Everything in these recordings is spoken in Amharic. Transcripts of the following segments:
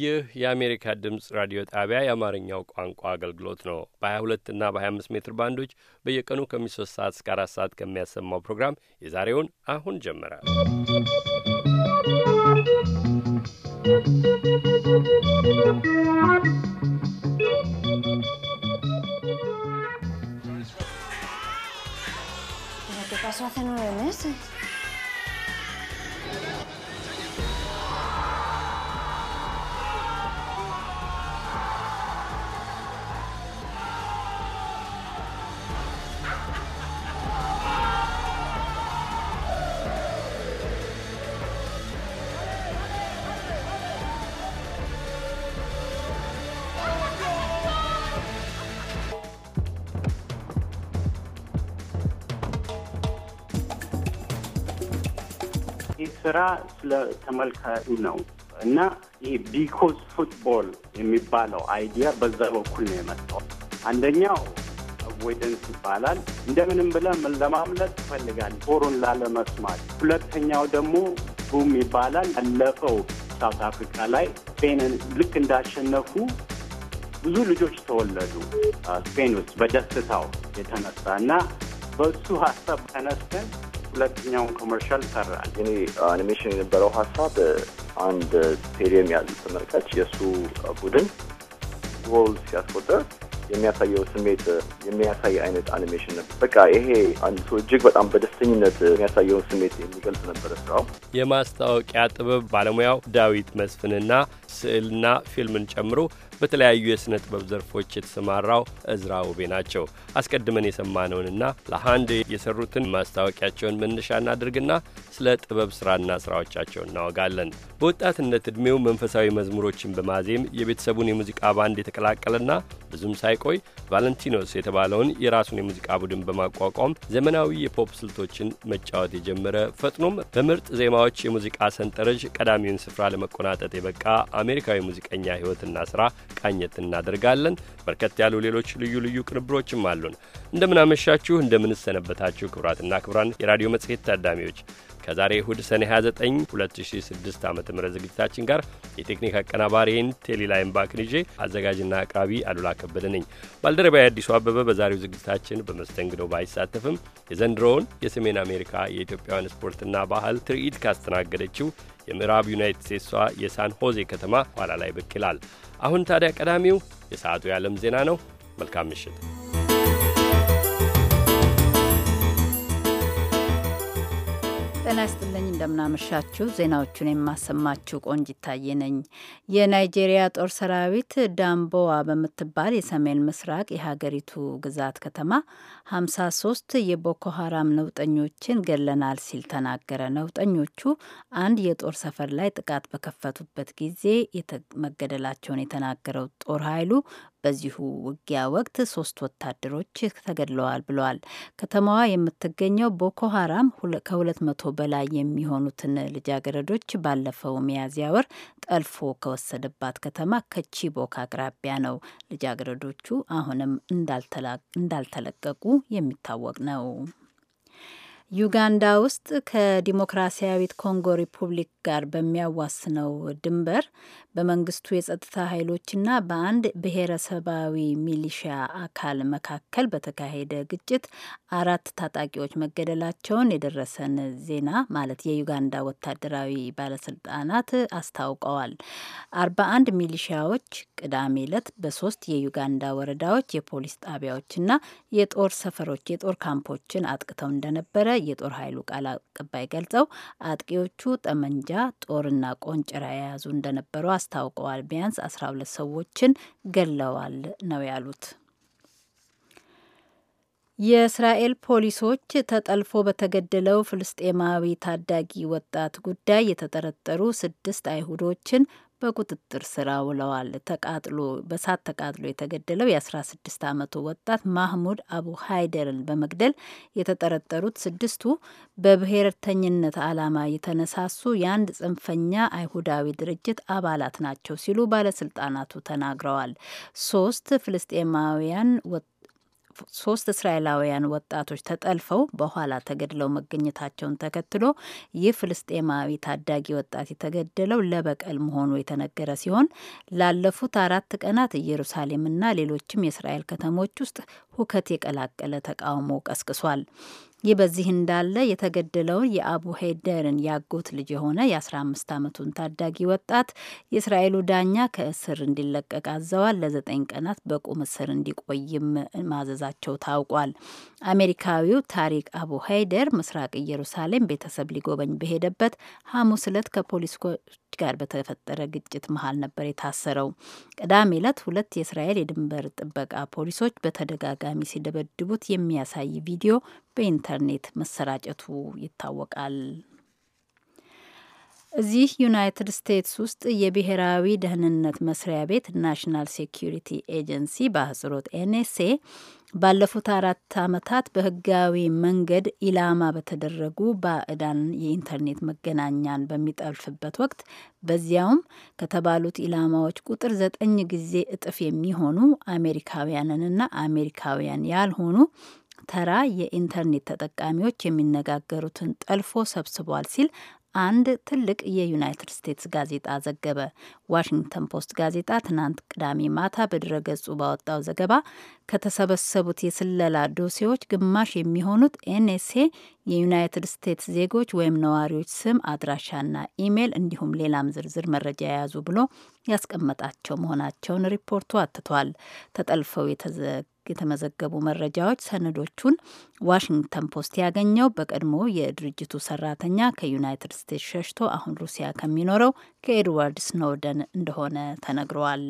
ይህ የአሜሪካ ድምፅ ራዲዮ ጣቢያ የአማርኛው ቋንቋ አገልግሎት ነው። በ22 እና በ25 ሜትር ባንዶች በየቀኑ ከሚ 3 ሰዓት እስከ 4 ሰዓት ከሚያሰማው ፕሮግራም የዛሬውን አሁን ጀመረ። ¶¶ pasó hace nueve meses. ስራ ስለ ተመልካቹ ነው እና ይሄ ቢኮዝ ፉትቦል የሚባለው አይዲያ በዛ በኩል ነው የመጣው። አንደኛው አቮይደንስ ይባላል። እንደምንም ብለን ለማምለጥ ይፈልጋል ጦሩን ላለመስማት። ሁለተኛው ደግሞ ቡም ይባላል። ያለፈው ሳውት አፍሪካ ላይ ስፔንን ልክ እንዳሸነፉ ብዙ ልጆች ተወለዱ ስፔን ውስጥ በደስታው የተነሳ እና በሱ ሀሳብ ተነስተን ሁለተኛውን ኮመርሻል ይሰራል። እኔ አኒሜሽን የነበረው ሀሳብ አንድ ስቴዲየም ያሉ ተመልካች የእሱ ቡድን ጎል ሲያስቆጥር የሚያሳየው ስሜት የሚያሳይ አይነት አኒሜሽን ነበር። በቃ ይሄ አንድ ሰው እጅግ በጣም በደስተኝነት የሚያሳየውን ስሜት የሚገልጽ ነበረ ስራው። የማስታወቂያ ጥበብ ባለሙያው ዳዊት መስፍንና ስዕልና ፊልምን ጨምሮ በተለያዩ የሥነ ጥበብ ዘርፎች የተሰማራው እዝራ ውቤ ናቸው። አስቀድመን የሰማነውንና ለአንድ የሰሩትን ማስታወቂያቸውን መነሻ እናድርግና ስለ ጥበብ ሥራና ሥራዎቻቸው እናወጋለን። በወጣትነት ዕድሜው መንፈሳዊ መዝሙሮችን በማዜም የቤተሰቡን የሙዚቃ ባንድ የተቀላቀለና ብዙም ሳይቆይ ቫለንቲኖስ የተባለውን የራሱን የሙዚቃ ቡድን በማቋቋም ዘመናዊ የፖፕ ስልቶችን መጫወት የጀመረ ፈጥኖም በምርጥ ዜማዎች የሙዚቃ ሰንጠረዥ ቀዳሚውን ስፍራ ለመቆናጠጥ የበቃ አሜሪካዊ ሙዚቀኛ ሕይወትና ስራ ቃኘት እናደርጋለን። በርከት ያሉ ሌሎች ልዩ ልዩ ቅንብሮችም አሉን። እንደምናመሻችሁ፣ እንደምንሰነበታችሁ ክቡራትና ክቡራን የራዲዮ መጽሔት ታዳሚዎች ከዛሬ እሁድ ሰኔ 29 2006 ዓ ም ዝግጅታችን ጋር የቴክኒክ አቀናባሪን ቴሌላይም ባክን ይዤ አዘጋጅና አቅራቢ አሉላ ከበደ ነኝ። ባልደረባዊ አዲሱ አበበ በዛሬው ዝግጅታችን በመስተንግዶ ባይሳተፍም የዘንድሮውን የሰሜን አሜሪካ የኢትዮጵያውያን ስፖርትና ባህል ትርኢት ካስተናገደችው የምዕራብ ዩናይትድ ስቴትሷ የሳን ሆዜ ከተማ ኋላ ላይ ብቅ ይላል። አሁን ታዲያ ቀዳሚው የሰዓቱ የዓለም ዜና ነው። መልካም ምሽት። ጤና ይስጥልኝ እንደምናመሻችሁ። ዜናዎቹን የማሰማችሁ ቆንጂት ታዬ ነኝ። የናይጄሪያ ጦር ሰራዊት ዳምቦዋ በምትባል የሰሜን ምስራቅ የሀገሪቱ ግዛት ከተማ 53 የቦኮ ሀራም ነውጠኞችን ገለናል ሲል ተናገረ። ነውጠኞቹ አንድ የጦር ሰፈር ላይ ጥቃት በከፈቱበት ጊዜ መገደላቸውን የተናገረው ጦር ኃይሉ በዚሁ ውጊያ ወቅት ሶስት ወታደሮች ተገድለዋል ብለዋል። ከተማዋ የምትገኘው ቦኮ ሀራም ከሁለት መቶ በላይ የሚሆኑትን ልጃገረዶች ባለፈው ሚያዝያ ወር ጠልፎ ከወሰደባት ከተማ ከቺቦክ አቅራቢያ ነው። ልጃገረዶቹ አሁንም እንዳልተለቀቁ የሚታወቅ ነው። ዩጋንዳ ውስጥ ከዲሞክራሲያዊት ኮንጎ ሪፑብሊክ ጋር በሚያዋስነው ድንበር በመንግስቱ የጸጥታ ኃይሎችና በአንድ ብሔረሰባዊ ሚሊሻ አካል መካከል በተካሄደ ግጭት አራት ታጣቂዎች መገደላቸውን የደረሰን ዜና ማለት የዩጋንዳ ወታደራዊ ባለስልጣናት አስታውቀዋል። አርባ አንድ ሚሊሻዎች ቅዳሜ ዕለት በሶስት የዩጋንዳ ወረዳዎች የፖሊስ ጣቢያዎችና የጦር ሰፈሮች የጦር ካምፖችን አጥቅተው እንደነበረ የጦር ኃይሉ ቃል አቀባይ ገልጸው አጥቂዎቹ ጠመንጃ፣ ጦርና ቆንጭራ የያዙ እንደነበሩ አስታውቀዋል። ቢያንስ አስራ ሁለት ሰዎችን ገለዋል ነው ያሉት። የእስራኤል ፖሊሶች ተጠልፎ በተገደለው ፍልስጤማዊ ታዳጊ ወጣት ጉዳይ የተጠረጠሩ ስድስት አይሁዶችን በቁጥጥር ስር ውለዋል። ተቃጥሎ በሳት ተቃጥሎ የተገደለው የ16 ዓመቱ ወጣት ማህሙድ አቡ ሃይደርን በመግደል የተጠረጠሩት ስድስቱ በብሔርተኝነት ዓላማ የተነሳሱ የአንድ ጽንፈኛ አይሁዳዊ ድርጅት አባላት ናቸው ሲሉ ባለስልጣናቱ ተናግረዋል። ሶስት ፍልስጤማውያን ሶስት እስራኤላውያን ወጣቶች ተጠልፈው በኋላ ተገድለው መገኘታቸውን ተከትሎ ይህ ፍልስጤማዊ ታዳጊ ወጣት የተገደለው ለበቀል መሆኑ የተነገረ ሲሆን ላለፉት አራት ቀናት ኢየሩሳሌምና ሌሎችም የእስራኤል ከተሞች ውስጥ ሁከት የቀላቀለ ተቃውሞ ቀስቅሷል። ይህ በዚህ እንዳለ የተገደለውን የአቡ ሄደርን ያጎት ልጅ የሆነ የ15 ዓመቱን ታዳጊ ወጣት የእስራኤሉ ዳኛ ከእስር እንዲለቀቅ አዘዋል። ለዘጠኝ ቀናት በቁም እስር እንዲቆይም ማዘዛቸው ታውቋል። አሜሪካዊው ታሪክ አቡ ሄደር ምስራቅ ኢየሩሳሌም ቤተሰብ ሊጎበኝ በሄደበት ሐሙስ ዕለት ከፖሊስ ጋር በተፈጠረ ግጭት መሀል ነበር የታሰረው። ቅዳሜ ዕለት ሁለት የእስራኤል የድንበር ጥበቃ ፖሊሶች በተደጋጋሚ ሲደበድቡት የሚያሳይ ቪዲዮ በኢንተርኔት መሰራጨቱ ይታወቃል። እዚህ ዩናይትድ ስቴትስ ውስጥ የብሔራዊ ደህንነት መስሪያ ቤት ናሽናል ሴኪሪቲ ኤጀንሲ በአህጽሮት ኤንኤስኤ ባለፉት አራት ዓመታት በህጋዊ መንገድ ኢላማ በተደረጉ ባዕዳን የኢንተርኔት መገናኛን በሚጠልፍበት ወቅት በዚያውም ከተባሉት ኢላማዎች ቁጥር ዘጠኝ ጊዜ እጥፍ የሚሆኑ አሜሪካውያንንና አሜሪካውያን ያልሆኑ ተራ የኢንተርኔት ተጠቃሚዎች የሚነጋገሩትን ጠልፎ ሰብስቧል ሲል አንድ ትልቅ የዩናይትድ ስቴትስ ጋዜጣ ዘገበ። ዋሽንግተን ፖስት ጋዜጣ ትናንት ቅዳሜ ማታ በድረገጹ ባወጣው ዘገባ ከተሰበሰቡት የስለላ ዶሴዎች ግማሽ የሚሆኑት ኤንኤስኤ የዩናይትድ ስቴትስ ዜጎች ወይም ነዋሪዎች ስም፣ አድራሻና ኢሜይል እንዲሁም ሌላም ዝርዝር መረጃ የያዙ ብሎ ያስቀመጣቸው መሆናቸውን ሪፖርቱ አትቷል። ተጠልፈው የተዘ የተመዘገቡ መረጃዎች ሰነዶቹን ዋሽንግተን ፖስት ያገኘው በቀድሞ የድርጅቱ ሰራተኛ ከዩናይትድ ስቴትስ ሸሽቶ አሁን ሩሲያ ከሚኖረው ከኤድዋርድ ስኖደን እንደሆነ ተነግሯል።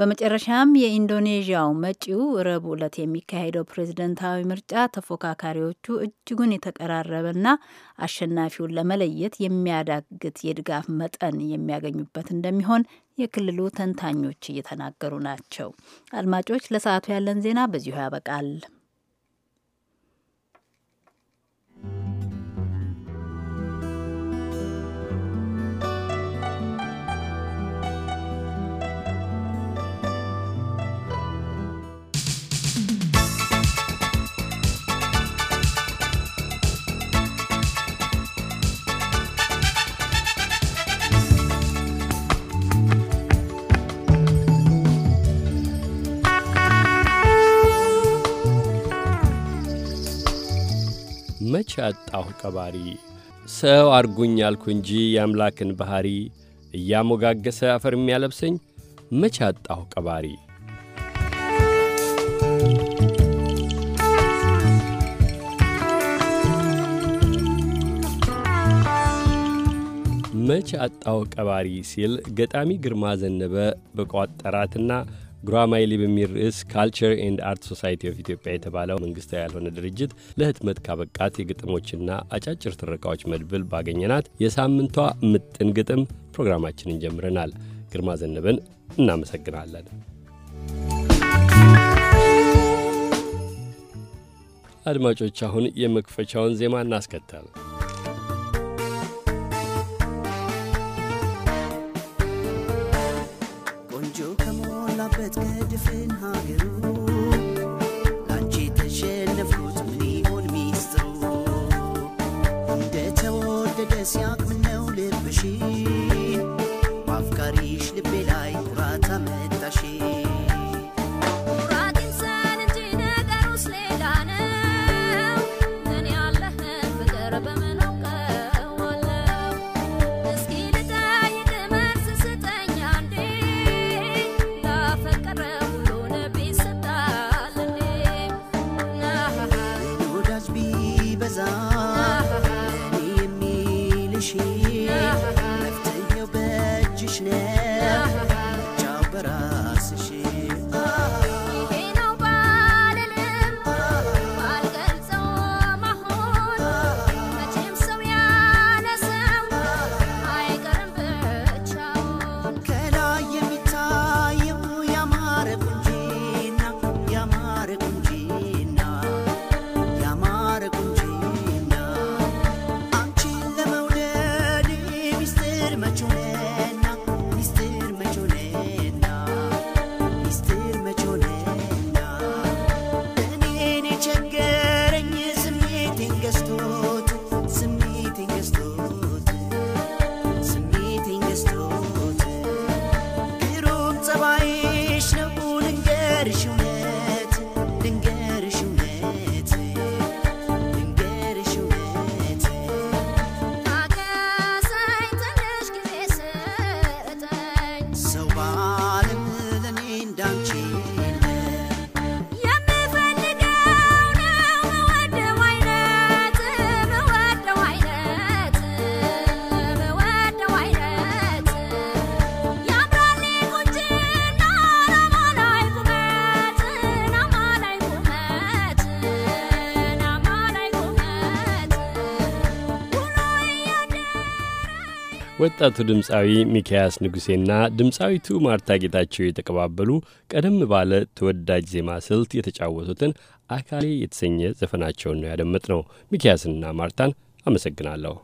በመጨረሻም የኢንዶኔዥያው መጪው ረቡዕ ዕለት የሚካሄደው ፕሬዝደንታዊ ምርጫ ተፎካካሪዎቹ እጅጉን የተቀራረበና አሸናፊውን ለመለየት የሚያዳግት የድጋፍ መጠን የሚያገኙበት እንደሚሆን የክልሉ ተንታኞች እየተናገሩ ናቸው። አድማጮች፣ ለሰዓቱ ያለን ዜና በዚሁ ያበቃል። አጣሁ ቀባሪ ሰው አርጉኝ አልኩ እንጂ የአምላክን ባሕሪ እያሞጋገሰ አፈር የሚያለብሰኝ መቼ አጣሁ ቀባሪ። መቼ አጣሁ ቀባሪ ሲል ገጣሚ ግርማ ዘነበ በቋጠራትና ጉራማይሌ በሚል ርዕስ ካልቸር ኤንድ አርት ሶሳይቲ ኦፍ ኢትዮጵያ የተባለው መንግስታዊ ያልሆነ ድርጅት ለህትመት ካበቃት የግጥሞችና አጫጭር ትረካዎች መድብል ባገኘናት የሳምንቷ ምጥን ግጥም ፕሮግራማችንን ጀምረናል። ግርማ ዘነበን እናመሰግናለን። አድማጮች፣ አሁን የመክፈቻውን ዜማ እናስከተል። ወጣቱ ድምፃዊ ሚካያስ ንጉሴና ድምፃዊቱ ማርታ ጌታቸው የተቀባበሉ ቀደም ባለ ተወዳጅ ዜማ ስልት የተጫወቱትን አካሌ የተሰኘ ዘፈናቸውን ነው ያደመጥ ነው። ሚካያስንና ማርታን አመሰግናለሁ።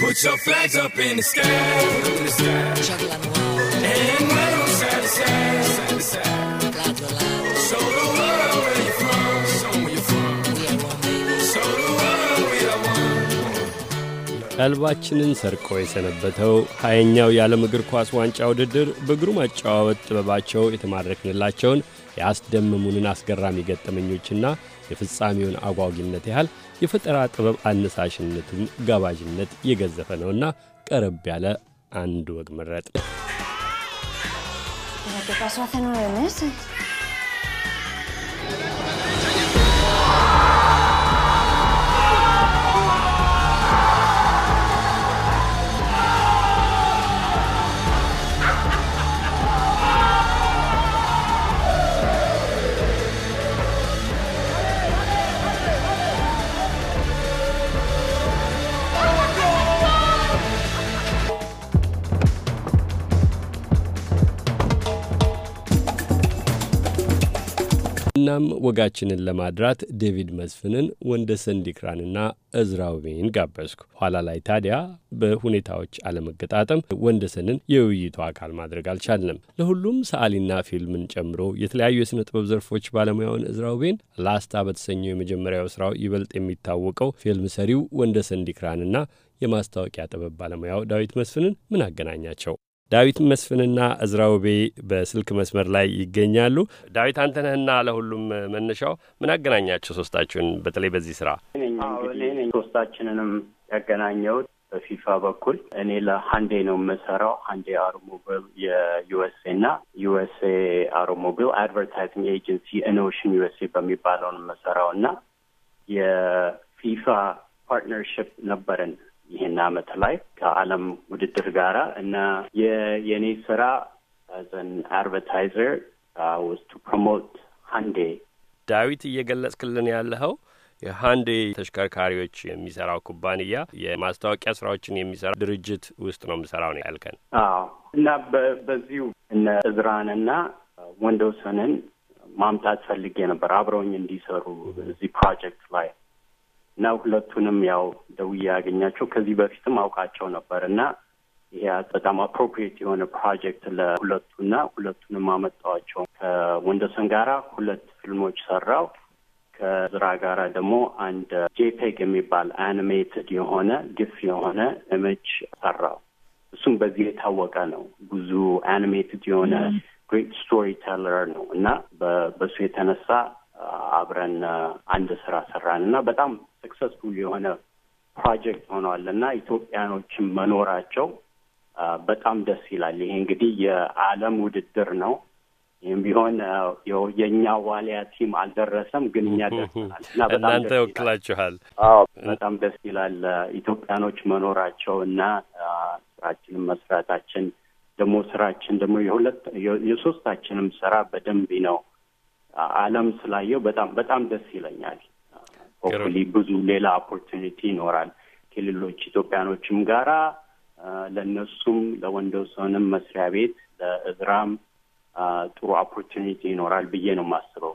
Put your ቀልባችንን ሰርቆ የሰነበተው ሀያኛው የዓለም እግር ኳስ ዋንጫ ውድድር በግሩም አጨዋወጥ ጥበባቸው የተማረክንላቸውን ያስደምሙንን አስገራሚ ገጠመኞችና የፍጻሜውን አጓጊነት ያህል የፈጠራ ጥበብ አነሳሽነቱን ጋባዥነት የገዘፈ ነውና ቀረብ ያለ አንድ ወግ መረጥ። qué pasó hace nueve meses? እናም ወጋችንን ለማድራት ዴቪድ መስፍንን፣ ወንደ ሰንዲክራንና እዝራ ውቤን ጋበዝኩ። ኋላ ላይ ታዲያ በሁኔታዎች አለመገጣጠም ወንደሰንን የውይይቱ አካል ማድረግ አልቻልንም። ለሁሉም ሰዓሊና ፊልምን ጨምሮ የተለያዩ የሥነ ጥበብ ዘርፎች ባለሙያውን እዝራው ቤን ላስታ በተሰኘው የመጀመሪያው ስራው ይበልጥ የሚታወቀው ፊልም ሰሪው ወንደ ሰንዲክራንና የማስታወቂያ ጥበብ ባለሙያው ዳዊት መስፍንን ምን አገናኛቸው? ዳዊት መስፍንና እዝራ ውቤ በስልክ መስመር ላይ ይገኛሉ። ዳዊት አንተነህና ለሁሉም መነሻው ምን አገናኛቸው ሶስታችሁን በተለይ በዚህ ስራ? ሶስታችንንም ያገናኘሁት በፊፋ በኩል እኔ ለሀንዴ ነው የምሰራው። ሀንዴ አውቶሞቢል የዩኤስኤ እና ዩኤስኤ አውቶሞቢል አድቨርታይዚንግ ኤጀንሲ ኢኖሽን ዩኤስኤ በሚባለው ነው የምሰራው እና የፊፋ ፓርትነርሽፕ ነበረን ይህን አመት ላይ ከአለም ውድድር ጋራ እና የኔ ስራ ዘን አድቨርታይዘር ውስጥ ፕሮሞት ሀንዴ ዳዊት እየገለጽክልን ያለኸው የሀንዴ ተሽከርካሪዎች የሚሰራው ኩባንያ የማስታወቂያ ስራዎችን የሚሰራ ድርጅት ውስጥ ነው የምሰራው ነው ያልከን። አዎ እና በዚሁ እነ እዝራንና ወንዶሰንን ማምጣት ፈልጌ ነበር አብረውኝ እንዲሰሩ እዚህ ፕሮጀክት ላይ እና ሁለቱንም ያው ደውዬ ያገኛቸው ከዚህ በፊትም አውቃቸው ነበር እና ይሄ በጣም አፕሮፕሪየት የሆነ ፕሮጀክት ለሁለቱ ለሁለቱና ሁለቱንም አመጣዋቸው። ከወንደሰን ጋራ ሁለት ፊልሞች ሰራው። ከዝራ ጋራ ደግሞ አንድ ጄፔግ የሚባል አኒሜትድ የሆነ ግፍ የሆነ ኢሜጅ ሰራው። እሱም በዚህ የታወቀ ነው። ብዙ አኒሜትድ የሆነ ግሬት ስቶሪ ቴለር ነው እና በሱ የተነሳ አብረን አንድ ስራ ሰራን እና በጣም ሰክሰስፉል የሆነ ፕሮጀክት ሆኗል እና ኢትዮጵያኖችን መኖራቸው በጣም ደስ ይላል። ይሄ እንግዲህ የዓለም ውድድር ነው። ይህም ቢሆን የእኛ ዋሊያ ቲም አልደረሰም፣ ግን እኛ ደርሰናል እናንተ ወክላችኋል። አዎ በጣም ደስ ይላል ኢትዮጵያኖች መኖራቸው እና ስራችንም መስራታችን ደግሞ ስራችን ደግሞ የሁለት የሶስታችንም ስራ በደንብ ነው ዓለም ስላየው በጣም በጣም ደስ ይለኛል። ሆፕሊ ብዙ ሌላ ኦፖርቹኒቲ ይኖራል ከሌሎች ኢትዮጵያኖችም ጋራ ለእነሱም ለወንደውሰንም መስሪያ ቤት ለእዝራም ጥሩ ኦፖርቹኒቲ ይኖራል ብዬ ነው የማስበው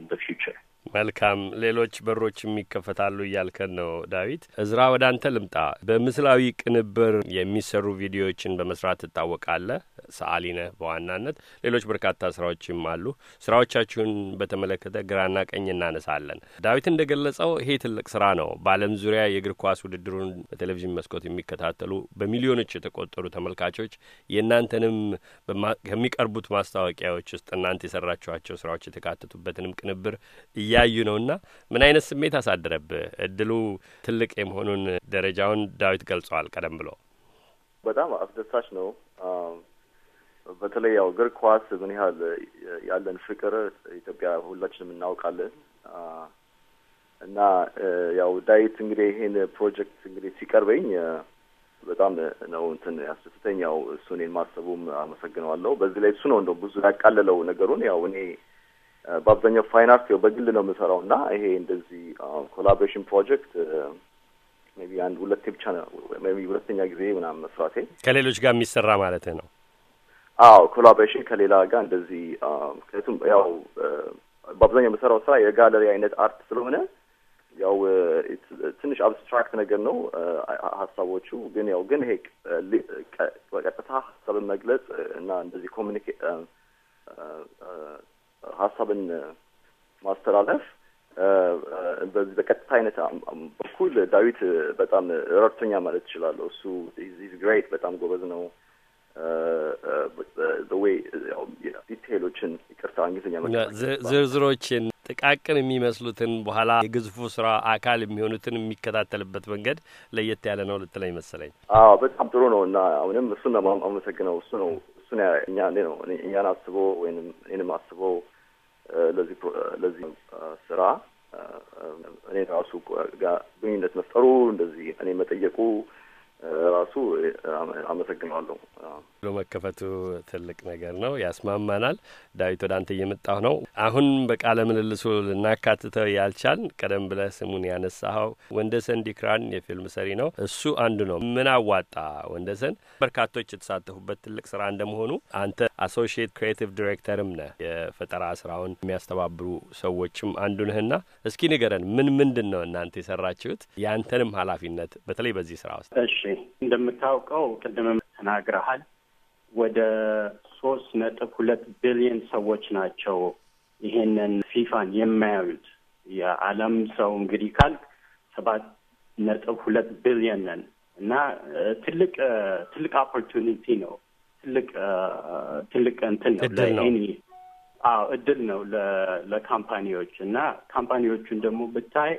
እንደ ፊውቸር። መልካም ሌሎች በሮችም ይከፈታሉ እያልከን ነው ዳዊት። እዝራ ወደ አንተ ልምጣ። በምስላዊ ቅንብር የሚሰሩ ቪዲዮዎችን በመስራት ትታወቃለህ። ሰዓሊ ነህ በዋናነት ሌሎች በርካታ ስራዎችም አሉ። ስራዎቻችሁን በተመለከተ ግራና ቀኝ እናነሳለን። ዳዊት እንደ ገለጸው ይሄ ትልቅ ስራ ነው። በዓለም ዙሪያ የእግር ኳስ ውድድሩን በቴሌቪዥን መስኮት የሚከታተሉ በሚሊዮኖች የተቆጠሩ ተመልካቾች የእናንተንም ከሚቀርቡት ማስታወቂያዎች ውስጥ እናንተ የሰራችኋቸው ስራዎች የተካተቱበትንም ቅንብር እያዩ ነውና ምን አይነት ስሜት አሳደረብህ? እድሉ ትልቅ የመሆኑን ደረጃውን ዳዊት ገልጸዋል ቀደም ብሎ በጣም አስደሳች ነው። በተለይ ያው እግር ኳስ ምን ያህል ያለን ፍቅር ኢትዮጵያ ሁላችንም እናውቃለን እና ያው ዳዊት እንግዲህ ይሄን ፕሮጀክት እንግዲህ ሲቀርበኝ በጣም ነው እንትን ያስደስተኝ። ያው እሱ እኔን ማሰቡም አመሰግነዋለሁ። በዚህ ላይ እሱ ነው እንደው ብዙ ያቃለለው ነገሩን። ያው እኔ በአብዛኛው ፋይን አርት ያው በግል ነው የምሰራው እና ይሄ እንደዚህ ኮላቦሬሽን ፕሮጀክት ሜይ ቢ አንድ ሁለቴ ብቻ ነው ሜይ ቢ ሁለተኛ ጊዜ ምናምን መስራቴ ከሌሎች ጋር የሚሰራ ማለት ነው አዎ ኮላቦሬሽን ከሌላ ጋር እንደዚህ ምክንያቱም ያው በአብዛኛው የምሰራው ስራ የጋለሪ አይነት አርት ስለሆነ ያው ትንሽ አብስትራክት ነገር ነው ሀሳቦቹ። ግን ያው ግን ይሄ በቀጥታ ሀሳብን መግለጽ እና እንደዚህ ኮሚኒኬ ሀሳብን ማስተላለፍ በዚህ በቀጥታ አይነት በኩል ዳዊት በጣም ረድቶኛ ማለት ይችላለሁ እሱ ኢዝ ግሬት በጣም ጎበዝ ነው። ዲቴይሎችን uh, uh, uh, ይቅርታ፣ እንግሊዝኛ ዝርዝሮችን ጥቃቅን የሚመስሉትን በኋላ የግዝፉ ስራ አካል የሚሆኑትን የሚከታተልበት መንገድ ለየት ያለ ነው ልትለኝ መሰለኝ። አዎ በጣም ጥሩ ነው እና አሁንም እሱን ነው አመሰግነው። እሱ ነው እሱ እኛ ነው እኛን አስቦ ወይም እኔንም አስቦ ለዚህ ለዚህ ስራ እኔ ራሱ ጋር ግንኙነት መፍጠሩ እንደዚህ እኔ መጠየቁ ራሱ አመሰግናለሁ። ብሎ መከፈቱ ትልቅ ነገር ነው፣ ያስማማናል። ዳዊት ወደ አንተ እየመጣሁ ነው። አሁን በቃለ ምልልሱ ልናካትተው ያልቻል ቀደም ብለህ ስሙን ያነሳኸው ወንደሰን ዲክራን የፊልም ሰሪ ነው። እሱ አንዱ ነው። ምን አዋጣ ወንደሰን በርካቶች የተሳተፉበት ትልቅ ስራ እንደመሆኑ አንተ አሶሽየት ክሬቲቭ ዲሬክተርም ነህ፣ የፈጠራ ስራውን የሚያስተባብሩ ሰዎችም አንዱ ነህና እስኪ ንገረን ምን ምንድን ነው እናንተ የሰራችሁት ያንተንም ኃላፊነት በተለይ በዚህ ስራ ውስጥ። እሺ እንደምታውቀው ቅድምም ተናግረሃል ወደ ሶስት ነጥብ ሁለት ቢሊዮን ሰዎች ናቸው ይሄንን ፊፋን የማያዩት። የዓለም ሰው እንግዲህ ካልክ ሰባት ነጥብ ሁለት ቢሊዮን ነን እና ትልቅ ትልቅ ኦፖርቹኒቲ ነው። ትልቅ ትልቅ እንትን ነው ለኒ አዎ እድል ነው ለካምፓኒዎች እና ካምፓኒዎቹን ደግሞ ብታይ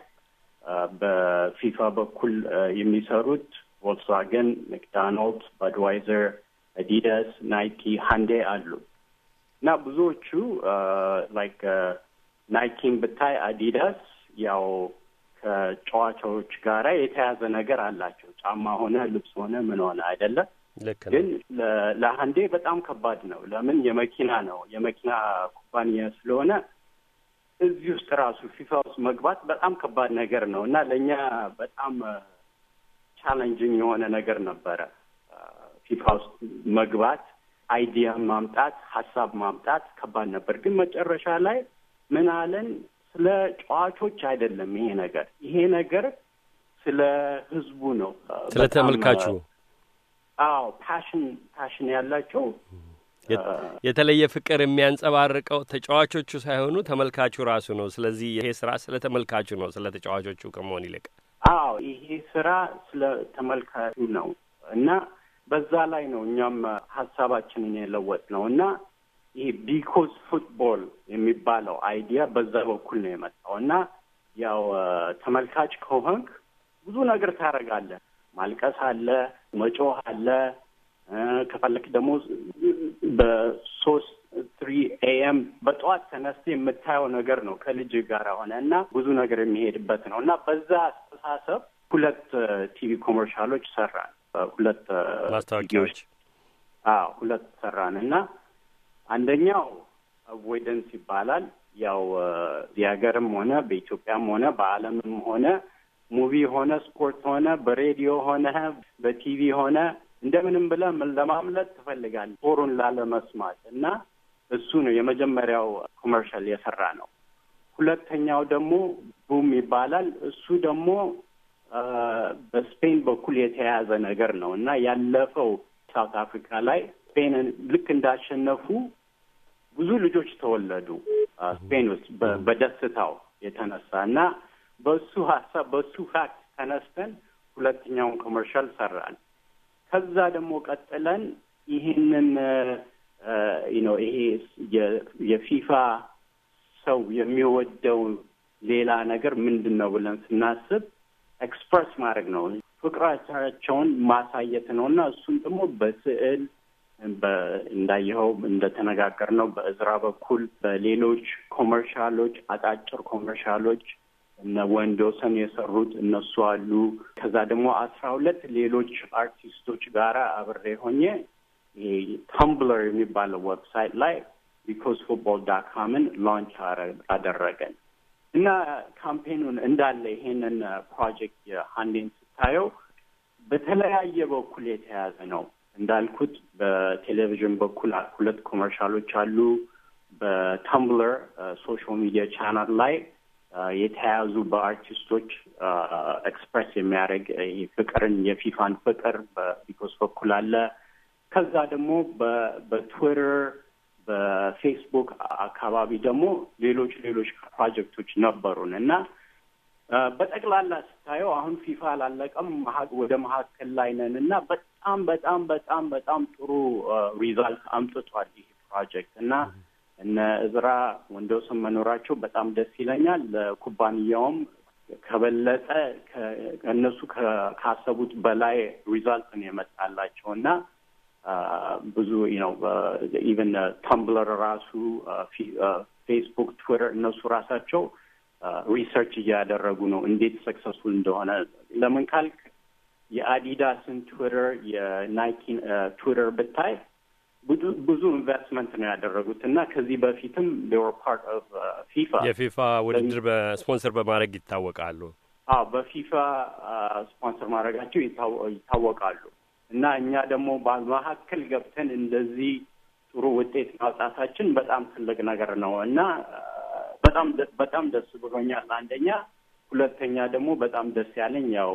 በፊፋ በኩል የሚሰሩት ቮልክስዋገን፣ መክዳናልድ፣ ባድዋይዘር አዲዳስ፣ ናይኪ፣ ሀንዴ አሉ እና ብዙዎቹ ላይክ ናይኪን ብታይ አዲዳስ ያው ከጨዋቾች ጋራ የተያዘ ነገር አላቸው። ጫማ ሆነ ልብስ ሆነ ምን ሆነ አይደለም። ግን ለሀንዴ በጣም ከባድ ነው። ለምን የመኪና ነው የመኪና ኩባንያ ስለሆነ እዚህ ውስጥ ራሱ ፊፋ ውስጥ መግባት በጣም ከባድ ነገር ነው እና ለእኛ በጣም ቻለንጅንግ የሆነ ነገር ነበረ። ፊፋ ውስጥ መግባት፣ አይዲያ ማምጣት፣ ሀሳብ ማምጣት ከባድ ነበር። ግን መጨረሻ ላይ ምን አለን? ስለ ጨዋቾች አይደለም ይሄ ነገር ይሄ ነገር ስለ ህዝቡ ነው፣ ስለ ተመልካቹ። አዎ ፓሽን ፓሽን ያላቸው የተለየ ፍቅር የሚያንጸባርቀው ተጫዋቾቹ ሳይሆኑ ተመልካቹ ራሱ ነው። ስለዚህ ይሄ ስራ ስለ ተመልካቹ ነው፣ ስለ ተጫዋቾቹ ከመሆን ይልቅ። አዎ ይሄ ስራ ስለ ተመልካቹ ነው እና በዛ ላይ ነው እኛም ሀሳባችንን የለወጥ ነው እና ይህ ቢኮዝ ፉትቦል የሚባለው አይዲያ በዛ በኩል ነው የመጣው እና ያው ተመልካች ከሆንክ ብዙ ነገር ታደርጋለህ። ማልቀስ አለ፣ መጮህ አለ። ከፈለክ ደግሞ በሶስት ትሪ ኤኤም በጠዋት ተነስተ የምታየው ነገር ነው ከልጅ ጋር ሆነ እና ብዙ ነገር የሚሄድበት ነው እና በዛ አስተሳሰብ ሁለት ቲቪ ኮመርሻሎች ሰራን። ሁለት ማስታወቂያዎች ሁለት ሰራን እና አንደኛው አቮይደንስ ይባላል። ያው የሀገርም ሆነ በኢትዮጵያም ሆነ በዓለምም ሆነ ሙቪ ሆነ ስፖርት ሆነ በሬዲዮ ሆነ በቲቪ ሆነ እንደምንም ብለህ ለማምለጥ ትፈልጋል ጦሩን ላለመስማት እና እሱ ነው የመጀመሪያው ኮመርሻል የሰራ ነው። ሁለተኛው ደግሞ ቡም ይባላል። እሱ ደግሞ በስፔን በኩል የተያያዘ ነገር ነው እና ያለፈው ሳውት አፍሪካ ላይ ስፔንን ልክ እንዳሸነፉ ብዙ ልጆች ተወለዱ ስፔን ውስጥ በደስታው የተነሳ እና በሱ ሀሳብ በሱ ፋክት ተነስተን ሁለተኛውን ኮመርሻል ሰራን። ከዛ ደግሞ ቀጥለን ይህንን ነው ይሄ የፊፋ ሰው የሚወደው ሌላ ነገር ምንድን ነው ብለን ስናስብ ኤክስፕረስ ማድረግ ነው፣ ፍቅራቸውን ማሳየት ነው እና እሱም ደግሞ በስዕል እንዳየኸው ነው በእዝራ በኩል በሌሎች ኮመርሻሎች፣ አጫጭር ኮመርሻሎች እነ ወንዶሰን የሰሩት እነሱ አሉ። ከዛ ደግሞ አስራ ሁለት ሌሎች አርቲስቶች ጋራ አብሬ ሆኜ ታምብለር የሚባለው ዌብሳይት ላይ ቢኮዝ ፉትቦል ዳካምን ካምን ላንች አደረገን። እና ካምፔኑን እንዳለ ይሄንን ፕሮጀክት የሀንዴን ስታየው በተለያየ በኩል የተያዘ ነው። እንዳልኩት በቴሌቪዥን በኩል ሁለት ኮመርሻሎች አሉ። በታምብለር ሶሻል ሚዲያ ቻናል ላይ የተያያዙ በአርቲስቶች ኤክስፕሬስ የሚያደርግ ፍቅርን የፊፋን ፍቅር በቢኮስ በኩል አለ። ከዛ ደግሞ በትዊተር በፌስቡክ አካባቢ ደግሞ ሌሎች ሌሎች ፕሮጀክቶች ነበሩን እና በጠቅላላ ስታየው አሁን ፊፋ አላለቀም፣ ወደ መካከል ላይ ነን እና በጣም በጣም በጣም በጣም ጥሩ ሪዛልት አምጥቷል ይህ ፕሮጀክት እና እነ እዝራ ወንደውስን መኖራቸው በጣም ደስ ይለኛል። ለኩባንያውም ከበለጠ ከእነሱ ካሰቡት በላይ ሪዛልት ነው የመጣላቸው እና ብዙ ኢቨን ተምብለር uh, uh, ራሱ ፌስቡክ፣ uh, ትዊተር እነሱ ራሳቸው ሪሰርች እያደረጉ ነው እንዴት ሰክሰስፉል እንደሆነ ለምን ካልክ የአዲዳስን ትዊተር የናይኪን ትዊተር ብታይ ብዙ ብዙ ኢንቨስትመንት ነው ያደረጉት እና ከዚህ በፊትም ሌወር ፓርት ኦፍ ፊፋ የፊፋ ውድድር በስፖንሰር በማድረግ ይታወቃሉ። አዎ በፊፋ ስፖንሰር ማድረጋቸው ይታወቃሉ። እና እኛ ደግሞ በመካከል ገብተን እንደዚህ ጥሩ ውጤት ማውጣታችን በጣም ትልቅ ነገር ነው እና በጣም በጣም ደስ ብሎኛል። አንደኛ፣ ሁለተኛ ደግሞ በጣም ደስ ያለኝ ያው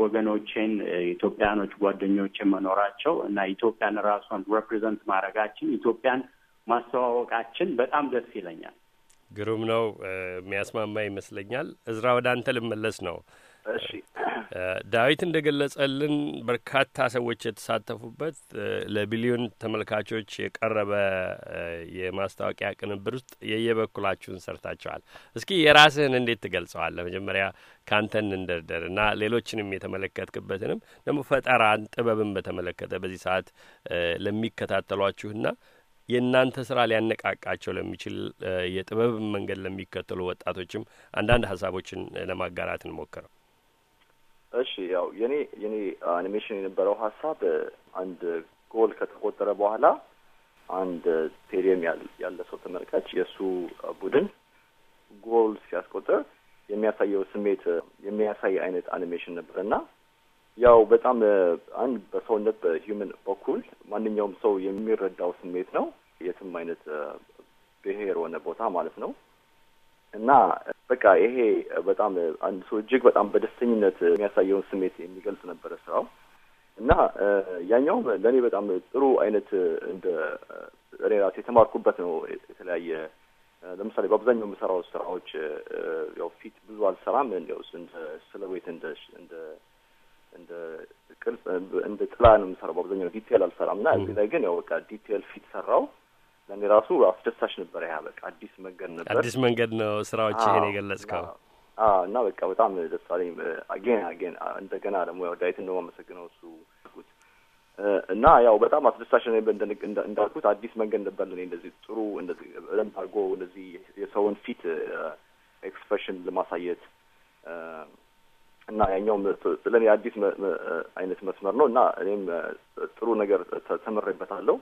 ወገኖቼን ኢትዮጵያኖች ጓደኞቼ መኖራቸው እና ኢትዮጵያን ራሷን ሬፕሬዘንት ማድረጋችን ኢትዮጵያን ማስተዋወቃችን በጣም ደስ ይለኛል። ግሩም ነው። የሚያስማማ ይመስለኛል። እዝራ ወደ አንተ ልመለስ ነው። እሺ ዳዊት እንደገለጸልን በርካታ ሰዎች የተሳተፉበት ለቢሊዮን ተመልካቾች የቀረበ የማስታወቂያ ቅንብር ውስጥ የየበኩላችሁን ሰርታችኋል። እስኪ የራስህን እንዴት ትገልጸዋለህ? መጀመሪያ ካንተን እንደርደር እና ሌሎችንም የተመለከትክበትንም ደግሞ ፈጠራን፣ ጥበብን በተመለከተ በዚህ ሰዓት ለሚከታተሏችሁና የእናንተ ስራ ሊያነቃቃቸው ለሚችል የጥበብን መንገድ ለሚከተሉ ወጣቶችም አንዳንድ ሀሳቦችን ለማጋራት እንሞክረው። እሺ ያው የኔ የኔ አኒሜሽን የነበረው ሀሳብ አንድ ጎል ከተቆጠረ በኋላ አንድ ስቴዲየም ያለ ሰው ተመልካች የእሱ ቡድን ጎል ሲያስቆጥር የሚያሳየው ስሜት የሚያሳይ አይነት አኒሜሽን ነበር እና ያው በጣም አንድ በሰውነት በሂውመን በኩል ማንኛውም ሰው የሚረዳው ስሜት ነው። የትም አይነት ብሔር ሆነ ቦታ ማለት ነው እና በቃ ይሄ በጣም አንድ ሰው እጅግ በጣም በደስተኝነት የሚያሳየውን ስሜት የሚገልጽ ነበረ ስራው እና ያኛው ለእኔ በጣም ጥሩ አይነት እንደ እኔ ራሴ የተማርኩበት ነው። የተለያየ ለምሳሌ በአብዛኛው የምሰራው ስራዎች ያው ፊት ብዙ አልሰራም። እንዲያው እንደ ስለቤት እንደ እንደ እንደ ቅርጽ እንደ ጥላ ነው የምሰራው። በአብዛኛው ዲቴል አልሰራም እና እዚህ ላይ ግን ያው በቃ ዲቴል ፊት ሰራው ለእኔ ራሱ አስደሳች ነበር። ያ በቃ አዲስ መንገድ ነበር። አዲስ መንገድ ነው ስራዎች ይሄን የገለጽከው እና በቃ በጣም ደስ አለኝ። አጌን አጌን እንደገና ደግሞ ያው ዳዊት እንደማመሰግነው እሱ እና ያው በጣም አስደሳች ነው። እንዳልኩት አዲስ መንገድ ነበር ለእኔ እንደዚህ ጥሩ እንደዚህ በደንብ አድርጎ እንደዚህ የሰውን ፊት ኤክስፕሬሽን ለማሳየት እና ያኛውም ስለኔ አዲስ አይነት መስመር ነው እና እኔም ጥሩ ነገር ተምሬበታለሁ።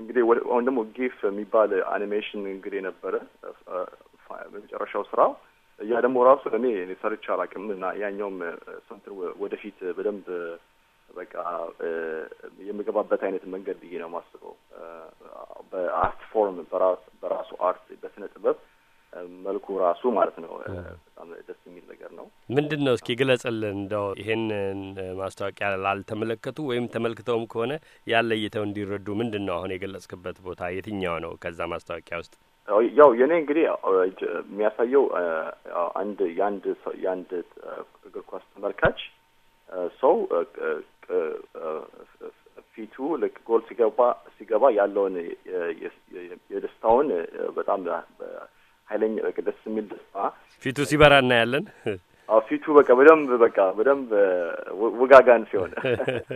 እንግዲህ ወይም ደግሞ ጊፍ የሚባል አኒሜሽን እንግዲህ ነበረ የመጨረሻው ስራው። ያ ደግሞ ራሱ እኔ ሰርች አላውቅም እና ያኛውም ሰንትር ወደፊት በደንብ በቃ የምገባበት አይነት መንገድ ብዬ ነው የማስበው። በአርት ፎርም በራሱ አርት በስነ ጥበብ መልኩ ራሱ ማለት ነው በጣም ደስ የሚል ነገር ነው። ምንድን ነው እስኪ ግለጽልን እንደው ይሄንን ማስታወቂያ ላልተመለከቱ ወይም ተመልክተውም ከሆነ ያለይተው እንዲረዱ ምንድን ነው አሁን የገለጽክበት ቦታ የትኛው ነው ከዛ ማስታወቂያ ውስጥ? ያው የኔ እንግዲህ የሚያሳየው አንድ የአንድ የአንድ እግር ኳስ ተመልካች ሰው ፊቱ ልክ ጎል ሲገባ ሲገባ ያለውን የደስታውን በጣም ኃይለኛ በቃ ደስ የሚል ደስታ ፊቱ ሲበራ እናያለን። አዎ ፊቱ በቃ በደንብ በቃ በደንብ ውጋጋን ሲሆን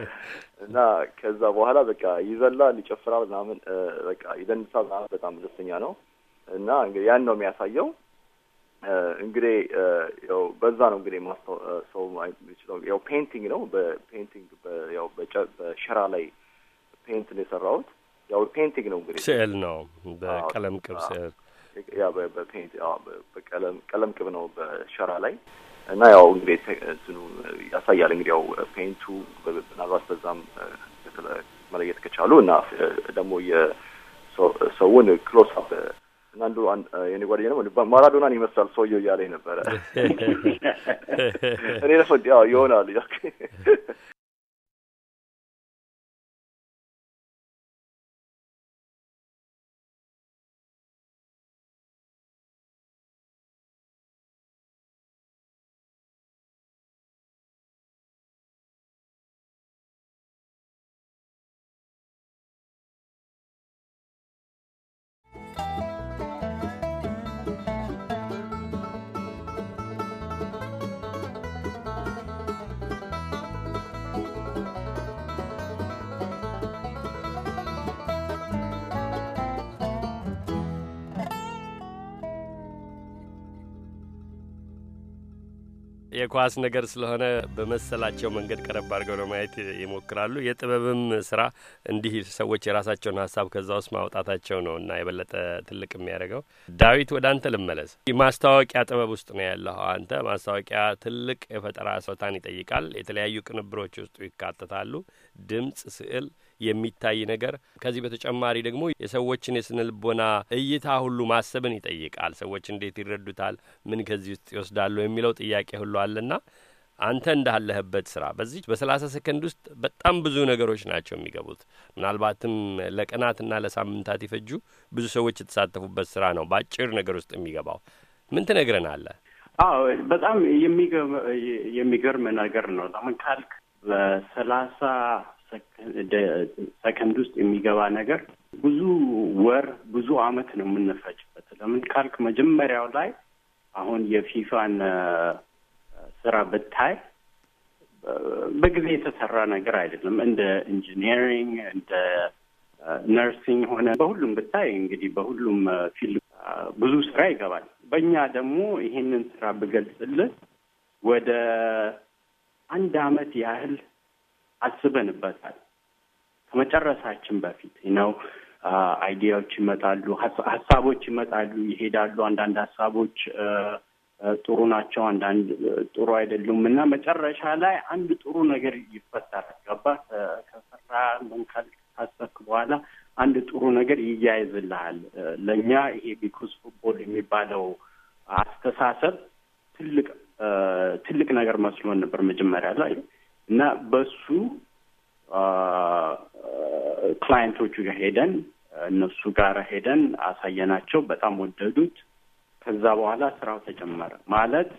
እና ከዛ በኋላ በቃ ይዘላል፣ ይጨፍራል፣ ምናምን በቃ ይደንሳል ምናምን በጣም ደስተኛ ነው እና እንግዲህ ያን ነው የሚያሳየው። እንግዲህ ያው በዛ ነው እንግዲህ ማስተው ሰው የሚችለው ያው ፔንቲንግ ነው። በፔንቲንግ ያው በሸራ ላይ ፔንት ነው የሰራሁት። ያው ፔንቲንግ ነው እንግዲህ ስዕል ነው በቀለም ቅብ ስዕል ያ በፔንት ቀለም ቅብ ነው በሸራ ላይ እና ያው እንግዲህ እንትኑ ያሳያል እንግዲህ ያው ፔንቱ ምናልባት በዛም መለየት ከቻሉ እና ደግሞ የሰውን ክሎስ አፕ እና የኔ ጓደኛ ደግሞ ማራዶናን ይመስላል ሰውየው እያለኝ ነበረ። እኔ ለፈ ያው ይሆናል የኳስ ነገር ስለሆነ በመሰላቸው መንገድ ቀረብ አድርገው ለማየት ይሞክራሉ። የጥበብም ስራ እንዲህ ሰዎች የራሳቸውን ሀሳብ ከዛ ውስጥ ማውጣታቸው ነው እና የበለጠ ትልቅ የሚያደርገው። ዳዊት ወደ አንተ ልመለስ። ማስታወቂያ ጥበብ ውስጥ ነው ያለው አንተ። ማስታወቂያ ትልቅ የፈጠራ ሰውታን ይጠይቃል። የተለያዩ ቅንብሮች ውስጡ ይካተታሉ። ድምጽ፣ ስዕል የሚታይ ነገር። ከዚህ በተጨማሪ ደግሞ የሰዎችን የስነ ልቦና እይታ ሁሉ ማሰብን ይጠይቃል። ሰዎች እንዴት ይረዱታል፣ ምን ከዚህ ውስጥ ይወስዳሉ የሚለው ጥያቄ ሁሉ አለና አንተ እንዳለህበት ስራ በዚህ በሰላሳ ሰከንድ ውስጥ በጣም ብዙ ነገሮች ናቸው የሚገቡት። ምናልባትም ለቀናትና ለሳምንታት ይፈጁ ብዙ ሰዎች የተሳተፉበት ስራ ነው በአጭር ነገር ውስጥ የሚገባው። ምን ትነግረናለህ? አዎ በጣም የሚገርም ነገር ነው። ለምን ካልክ በሰላሳ ሰከንድ ውስጥ የሚገባ ነገር ብዙ ወር ብዙ አመት ነው የምንፈጭበት ለምን ካልክ መጀመሪያው ላይ አሁን የፊፋን ስራ ብታይ በጊዜ የተሰራ ነገር አይደለም። እንደ ኢንጂኒሪንግ እንደ ነርሲንግ ሆነ በሁሉም ብታይ እንግዲህ በሁሉም ፊልድ ብዙ ስራ ይገባል። በእኛ ደግሞ ይሄንን ስራ ብገልጽልን ወደ አንድ አመት ያህል አስበንበታል። ከመጨረሳችን በፊት ነው አይዲያዎች ይመጣሉ፣ ሀሳቦች ይመጣሉ፣ ይሄዳሉ። አንዳንድ ሀሳቦች ጥሩ ናቸው፣ አንዳንድ ጥሩ አይደሉም እና መጨረሻ ላይ አንድ ጥሩ ነገር ይፈጠራል። ገባ ከሰራ መንካል ካሰብክ በኋላ አንድ ጥሩ ነገር ይያይዝልሃል። ለእኛ ይሄ ቢኮዝ ፉትቦል የሚባለው አስተሳሰብ ትልቅ ትልቅ ነገር መስሎን ነበር መጀመሪያ ላይ እና በሱ ክላየንቶቹ ጋር ሄደን እነሱ ጋር ሄደን አሳየናቸው። በጣም ወደዱት። ከዛ በኋላ ስራው ተጨመረ። ማለት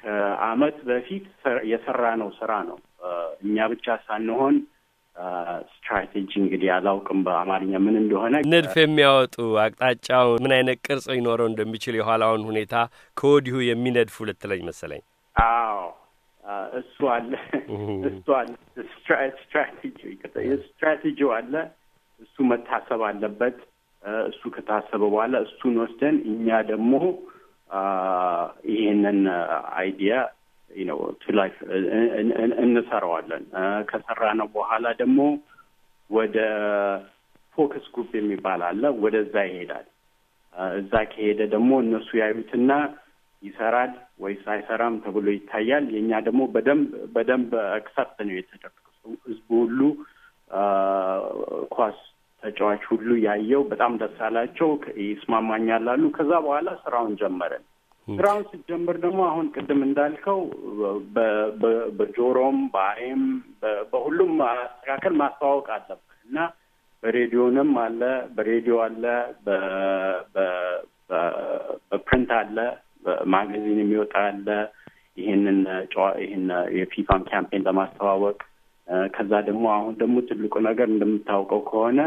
ከአመት በፊት የሰራነው ስራ ነው። እኛ ብቻ ሳንሆን ስትራቴጂ እንግዲህ አላውቅም በአማርኛ ምን እንደሆነ ንድፍ የሚያወጡ አቅጣጫው ምን አይነት ቅርጽ ሊኖረው እንደሚችል የኋላውን ሁኔታ ከወዲሁ የሚነድፉ ልትለኝ መሰለኝ። አዎ እሱ አለ እሱ አለ አለ። እሱ መታሰብ አለበት። እሱ ከታሰበ በኋላ እሱን ወስደን እኛ ደግሞ ይህንን አይዲያ ነው ላይፍ እንሰራዋለን። ከሰራ ነው በኋላ ደግሞ ወደ ፎከስ ግሩፕ የሚባል አለ። ወደዛ ይሄዳል። እዛ ከሄደ ደግሞ እነሱ ያዩትና ይሰራል ወይስ አይሰራም ተብሎ ይታያል። የእኛ ደግሞ በደንብ በደንብ አክሰፕት ነው የተደረገው። ህዝቡ ሁሉ ኳስ ተጫዋች ሁሉ ያየው በጣም ደስ አላቸው፣ ይስማማኛል አሉ። ከዛ በኋላ ስራውን ጀመረን። ስራውን ስጀምር ደግሞ አሁን ቅድም እንዳልከው በጆሮም በአይም በሁሉም አስተካከል ማስተዋወቅ አለበት እና በሬዲዮንም አለ በሬዲዮ አለ በፕሪንት አለ ማጋዚን የሚወጣ አለ። ይህንን ይህን የፊፋን ካምፔን ለማስተዋወቅ ከዛ ደግሞ አሁን ደግሞ ትልቁ ነገር እንደምታውቀው ከሆነ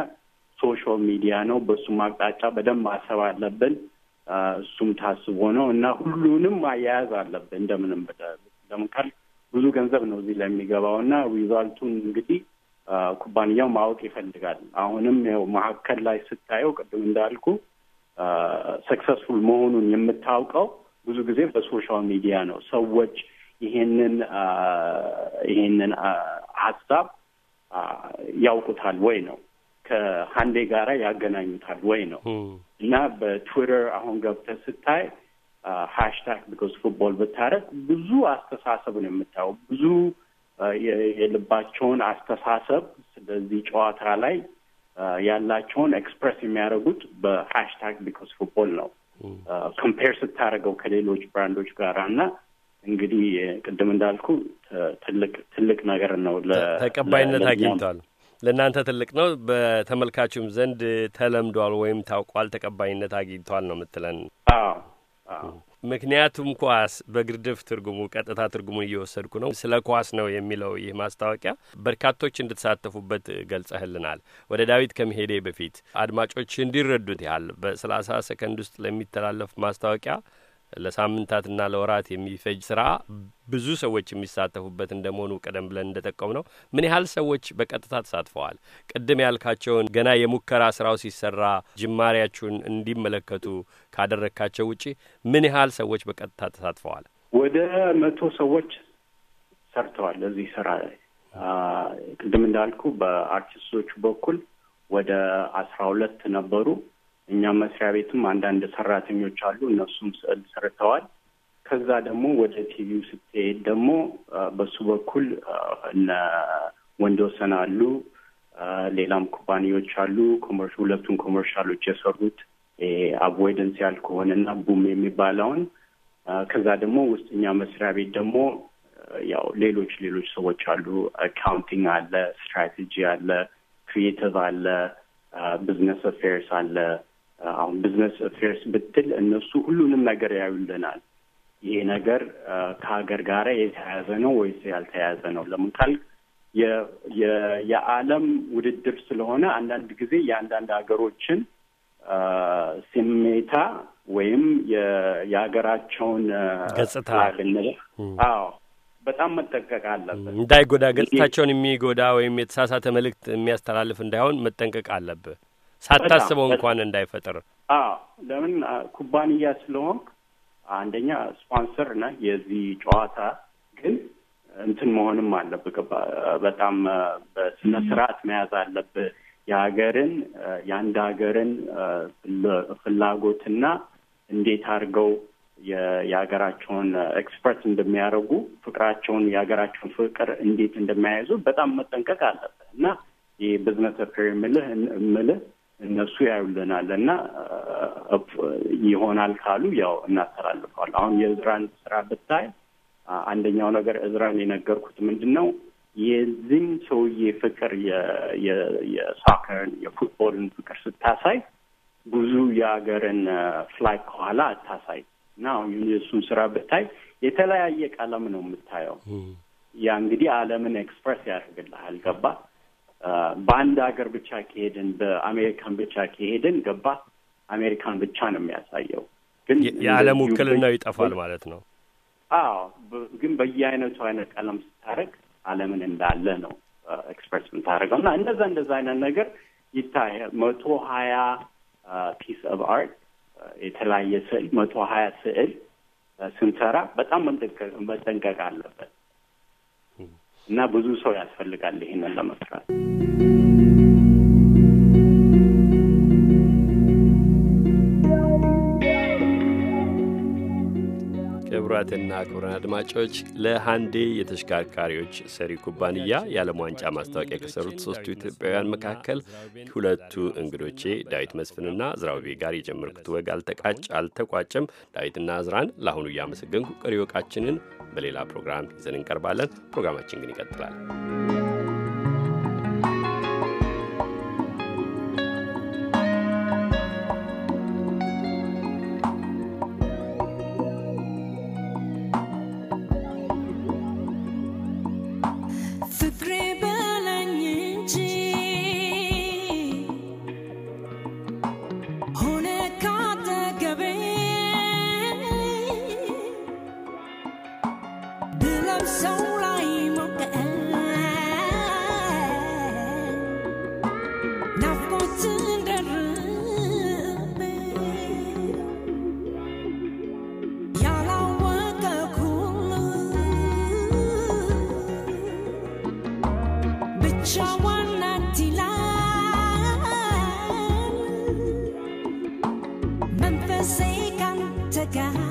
ሶሻል ሚዲያ ነው። በሱም አቅጣጫ በደንብ ማሰብ አለብን። እሱም ታስቦ ነው እና ሁሉንም አያያዝ አለብን እንደምንም ለምካል ብዙ ገንዘብ ነው እዚህ ለሚገባው እና ሪዛልቱን እንግዲህ ኩባንያው ማወቅ ይፈልጋል። አሁንም ያው መካከል ላይ ስታየው ቅድም እንዳልኩ ሰክሰስፉል መሆኑን የምታውቀው ብዙ ጊዜ በሶሻል ሚዲያ ነው ሰዎች ይሄንን ይሄንን ሀሳብ ያውቁታል ወይ ነው ከሀንዴ ጋር ያገናኙታል ወይ ነው እና በትዊተር አሁን ገብተህ ስታይ ሃሽታግ ቢኮዝ ፉትቦል ብታረግ ብዙ አስተሳሰብ ነው የምታየው። ብዙ የልባቸውን አስተሳሰብ ስለዚህ ጨዋታ ላይ ያላቸውን ኤክስፕሬስ የሚያደርጉት በሀሽታግ ቢኮዝ ፉትቦል ነው። ኮምፔር ስታደርገው ከሌሎች ብራንዶች ጋር እና እንግዲህ ቅድም እንዳልኩ ትልቅ ትልቅ ነገር ነው። ተቀባይነት አግኝቷል። ለእናንተ ትልቅ ነው፣ በተመልካቹም ዘንድ ተለምዷል ወይም ታውቋል፣ ተቀባይነት አግኝቷል ነው የምትለን? አዎ አዎ። ምክንያቱም ኳስ በግርድፍ ትርጉሙ ቀጥታ ትርጉሙ እየወሰድኩ ነው፣ ስለ ኳስ ነው የሚለው ይህ ማስታወቂያ በርካቶች እንድትሳተፉበት ገልጸህልናል። ወደ ዳዊት ከመሄዴ በፊት አድማጮች እንዲረዱት ያህል በሰላሳ ሰከንድ ውስጥ ለሚተላለፍ ማስታወቂያ ለሳምንታትና ለወራት የሚፈጅ ስራ ብዙ ሰዎች የሚሳተፉበት እንደመሆኑ ቀደም ብለን እንደጠቀሙ ነው። ምን ያህል ሰዎች በቀጥታ ተሳትፈዋል? ቅድም ያልካቸውን ገና የሙከራ ስራው ሲሰራ ጅማሬያችሁን እንዲመለከቱ ካደረግካቸው ውጪ ምን ያህል ሰዎች በቀጥታ ተሳትፈዋል? ወደ መቶ ሰዎች ሰርተዋል እዚህ ስራ ላይ ቅድም እንዳልኩ በአርቲስቶቹ በኩል ወደ አስራ ሁለት ነበሩ እኛም መስሪያ ቤትም አንዳንድ ሰራተኞች አሉ። እነሱም ስዕል ሰርተዋል። ከዛ ደግሞ ወደ ቲቪው ስትሄድ ደግሞ በሱ በኩል እነ ወንድ ወሰን አሉ። ሌላም ኩባንያዎች አሉ። ሁለቱን ኮመርሻሎች የሰሩት አቮይደንስ ያልከሆነ እና ቡም የሚባለውን ከዛ ደግሞ ውስጥኛ መስሪያ ቤት ደግሞ ያው ሌሎች ሌሎች ሰዎች አሉ። አካውንቲንግ አለ፣ ስትራቴጂ አለ፣ ክሪኤቲቭ አለ፣ ቢዝነስ አፌርስ አለ አሁን ቢዝነስ አፌርስ ብትል እነሱ ሁሉንም ነገር ያዩልናል። ይሄ ነገር ከሀገር ጋር የተያያዘ ነው ወይስ ያልተያያዘ ነው? ለምን ካልክ የዓለም ውድድር ስለሆነ አንዳንድ ጊዜ የአንዳንድ ሀገሮችን ስሜታ ወይም የሀገራቸውን ገጽታ አዎ በጣም መጠንቀቅ አለብህ። እንዳይጎዳ ገጽታቸውን የሚጎዳ ወይም የተሳሳተ መልእክት የሚያስተላልፍ እንዳይሆን መጠንቀቅ አለብህ። ሳታስበው እንኳን እንዳይፈጥር። አዎ ለምን ኩባንያ ስለሆንክ አንደኛ ስፖንሰር ነህ የዚህ ጨዋታ ግን እንትን መሆንም አለብህ። በጣም በስነ ስርዓት መያዝ አለብህ። የሀገርን የአንድ ሀገርን ፍላጎትና እንዴት አድርገው የሀገራቸውን ኤክስፐርት እንደሚያደርጉ ፍቅራቸውን የሀገራቸውን ፍቅር እንዴት እንደሚያይዙ በጣም መጠንቀቅ አለብህ እና ይህ ብዝነስ ምልህ ምልህ እነሱ ያዩልናል እና ይሆናል ካሉ ያው እናስተላልፈዋል። አሁን የእዝራን ስራ ብታይ አንደኛው ነገር እዝራን የነገርኩት ምንድን ነው የዚህም ሰውዬ ፍቅር የሳከርን የፉትቦልን ፍቅር ስታሳይ ብዙ የሀገርን ፍላግ ከኋላ አታሳይ እና አሁን የእሱን ስራ ብታይ የተለያየ ቀለም ነው የምታየው። ያ እንግዲህ ዓለምን ኤክስፕረስ ያደርግልሃል። ገባ በአንድ ሀገር ብቻ ከሄድን በአሜሪካን ብቻ ከሄድን ገባ አሜሪካን ብቻ ነው የሚያሳየው። ግን የዓለም ውክልናው ይጠፋል ማለት ነው። አዎ፣ ግን በየአይነቱ አይነት ቀለም ስታደርግ ዓለምን እንዳለ ነው ኤክስፐርት የምታደርገው እና እንደዛ እንደዛ አይነት ነገር ይታያል። መቶ ሀያ ፒስ ኦፍ አርት የተለያየ ስዕል መቶ ሀያ ስዕል ስንሰራ በጣም መጠንቀቅ አለበት። እና ብዙ ሰው ያስፈልጋል ይህንን ለመስራት። ክቡራትና ክቡራን አድማጮች ለሃንዴ የተሽከርካሪዎች ሰሪ ኩባንያ የዓለም ዋንጫ ማስታወቂያ ከሰሩት ሶስቱ ኢትዮጵያውያን መካከል ሁለቱ እንግዶቼ ዳዊት መስፍንና ዝራውቤ ጋር የጀመርኩት ወግ አልተቋጨም። ዳዊትና ዝራን ለአሁኑ እያመሰገንኩ ቀሪ ወቃችንን በሌላ ፕሮግራም ይዘን እንቀርባለን። ፕሮግራማችን ግን ይቀጥላል። sky.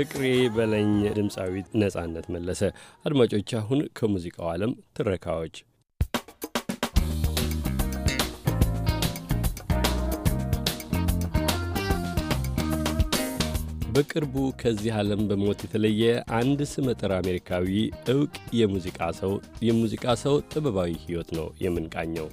ፍቅሬ በለኝ ድምፃዊ ነጻነት መለሰ። አድማጮች፣ አሁን ከሙዚቃው ዓለም ትረካዎች በቅርቡ ከዚህ ዓለም በሞት የተለየ አንድ ስመጥር አሜሪካዊ እውቅ የሙዚቃ ሰው የሙዚቃ ሰው ጥበባዊ ሕይወት ነው የምንቃኘው።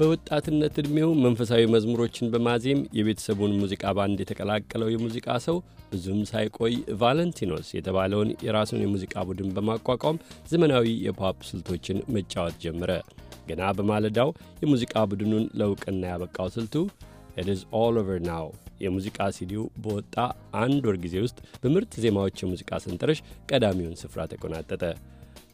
በወጣትነት ዕድሜው መንፈሳዊ መዝሙሮችን በማዜም የቤተሰቡን ሙዚቃ ባንድ የተቀላቀለው የሙዚቃ ሰው ብዙም ሳይቆይ ቫለንቲኖስ የተባለውን የራሱን የሙዚቃ ቡድን በማቋቋም ዘመናዊ የፖፕ ስልቶችን መጫወት ጀመረ። ገና በማለዳው የሙዚቃ ቡድኑን ለእውቅና ያበቃው ስልቱ ኢት ኢዝ ኦል ኦቨር ናው የሙዚቃ ሲዲው በወጣ አንድ ወር ጊዜ ውስጥ በምርጥ ዜማዎች የሙዚቃ ሰንጠረዥ ቀዳሚውን ስፍራ ተቆናጠጠ።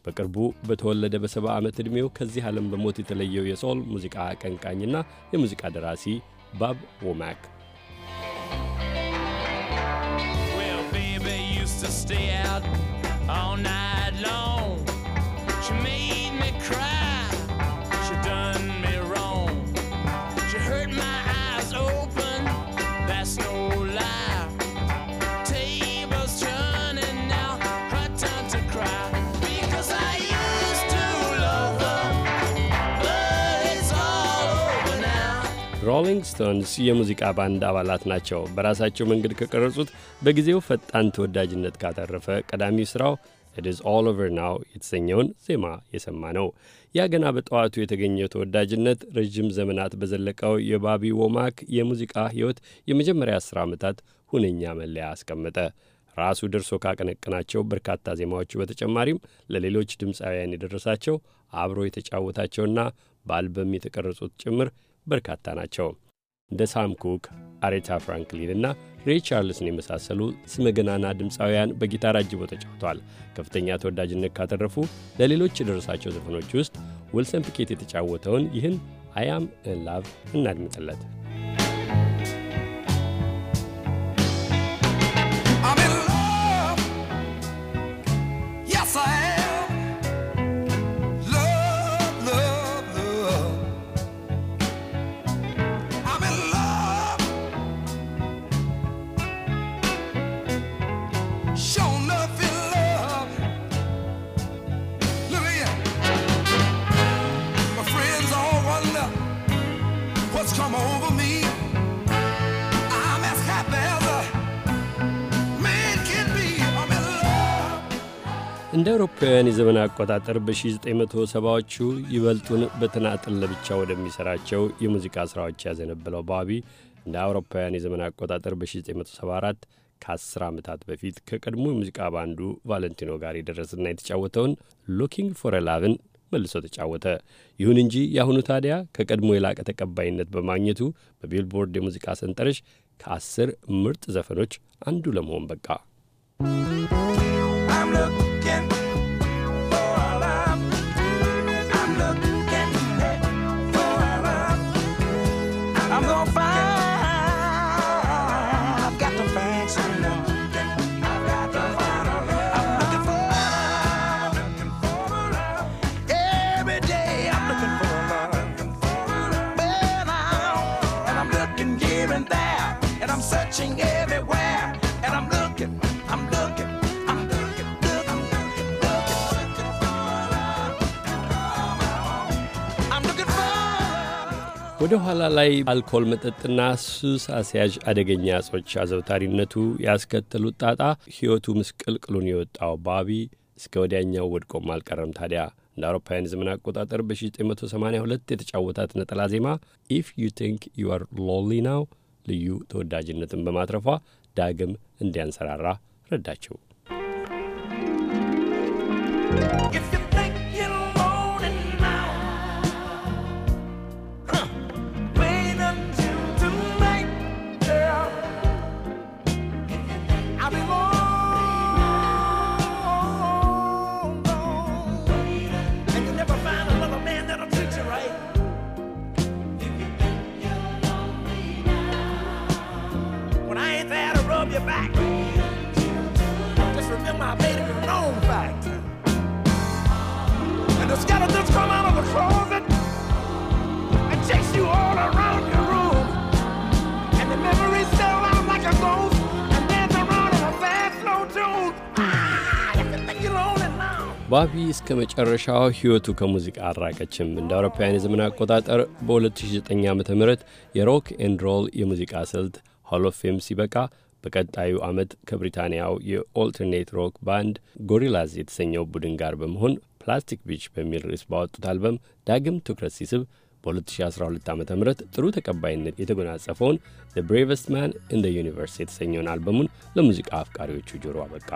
በቅርቡ በተወለደ በሰባ ዓመት ዕድሜው ከዚህ ዓለም በሞት የተለየው የሶል ሙዚቃ አቀንቃኝና የሙዚቃ ደራሲ ባብ ወማክ stay out All night long ሮሊንግ ስቶንስ የሙዚቃ ባንድ አባላት ናቸው። በራሳቸው መንገድ ከቀረጹት በጊዜው ፈጣን ተወዳጅነት ካተረፈ ቀዳሚው ሥራው ኢት ኢዝ ኦል ኦቨር ናው የተሰኘውን ዜማ የሰማ ነው። ያ ገና በጠዋቱ የተገኘው ተወዳጅነት ረዥም ዘመናት በዘለቀው የባቢ ወማክ የሙዚቃ ሕይወት የመጀመሪያ አስር ዓመታት ሁነኛ መለያ አስቀመጠ። ራሱ ደርሶ ካቀነቀናቸው በርካታ ዜማዎቹ በተጨማሪም ለሌሎች ድምፃውያን የደረሳቸው አብሮ የተጫወታቸውና በአልበም የተቀረጹት ጭምር በርካታ ናቸው። እንደ ሳም ኩክ፣ አሬታ ፍራንክሊን እና ቻርልስን የመሳሰሉ ስመገናና ድምፃውያን በጊታር አጅቦ ተጫውተዋል። ከፍተኛ ተወዳጅነት ካተረፉ ለሌሎች የደረሳቸው ዘፈኖች ውስጥ ዊልሰን ፒኬት የተጫወተውን ይህን አያም ላቭ እናድምጥለት። አውሮፓውያን የዘመን አቆጣጠር በ1970ዎቹ ይበልጡን በተናጥል ለብቻ ወደሚሠራቸው የሙዚቃ ሥራዎች ያዘነበለው ባቢ እንደ አውሮፓውያን የዘመን አቆጣጠር በ1974 ከ10 ዓመታት በፊት ከቀድሞ የሙዚቃ ባንዱ ቫለንቲኖ ጋር የደረሰና የተጫወተውን ሎኪንግ ፎር ላቭን መልሶ ተጫወተ። ይሁን እንጂ የአሁኑ ታዲያ ከቀድሞ የላቀ ተቀባይነት በማግኘቱ በቢልቦርድ የሙዚቃ ሰንጠረዥ ከአስር ምርጥ ዘፈኖች አንዱ ለመሆን በቃ። searching everywhere, and I'm looking, I'm looking. ወደ ኋላ ላይ አልኮል መጠጥና ሱስ አስያዥ አደገኛ እጾች አዘውታሪነቱ ያስከተሉት ጣጣ ሕይወቱ ምስቅልቅሉን የወጣው ባቢ እስከ ወዲያኛው ወድቆም አልቀረም ታዲያ እንደ አውሮፓውያን ዘመን አቆጣጠር በ1982 የተጫወታት ነጠላ ዜማ ኢፍ ዩ ቲንክ ዩ አር ሎሊ ናው ልዩ ተወዳጅነትን በማትረፏ ዳግም እንዲያንሰራራ ረዳቸው። ባቢ እስከ መጨረሻው ሕይወቱ ከሙዚቃ አራቀችም እንደ አውሮፓውያን የዘመን አቆጣጠር በ2009 ዓ ም የሮክ ኤንድ ሮል የሙዚቃ ስልት ሆል ኦፍ ፌም ሲበቃ በቀጣዩ ዓመት ከብሪታንያው የኦልተርኔት ሮክ ባንድ ጎሪላዝ የተሰኘው ቡድን ጋር በመሆን ፕላስቲክ ቢች በሚል ርዕስ ባወጡት አልበም ዳግም ትኩረት ሲስብ በ2012 ዓ ም ጥሩ ተቀባይነት የተጎናጸፈውን ዘ ብሬቨስት ማን ኢን ዘ ዩኒቨርስ የተሰኘውን አልበሙን ለሙዚቃ አፍቃሪዎቹ ጆሮ አበቃ።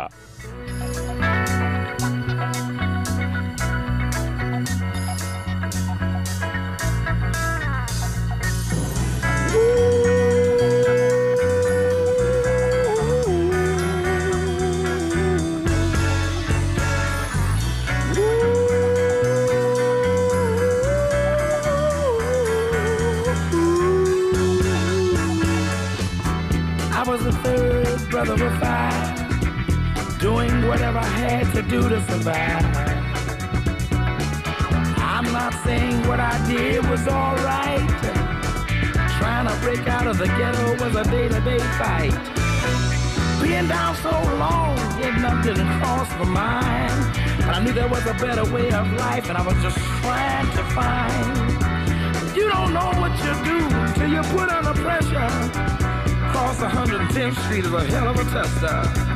whatever I had to do to survive. I'm not saying what I did was alright. Trying to break out of the ghetto was a day-to-day fight. Being down so long, getting up didn't cross my mind. But I knew there was a better way of life, and I was just trying to find. You don't know what you do till you put under pressure. Cross 110th Street is a hell of a tester.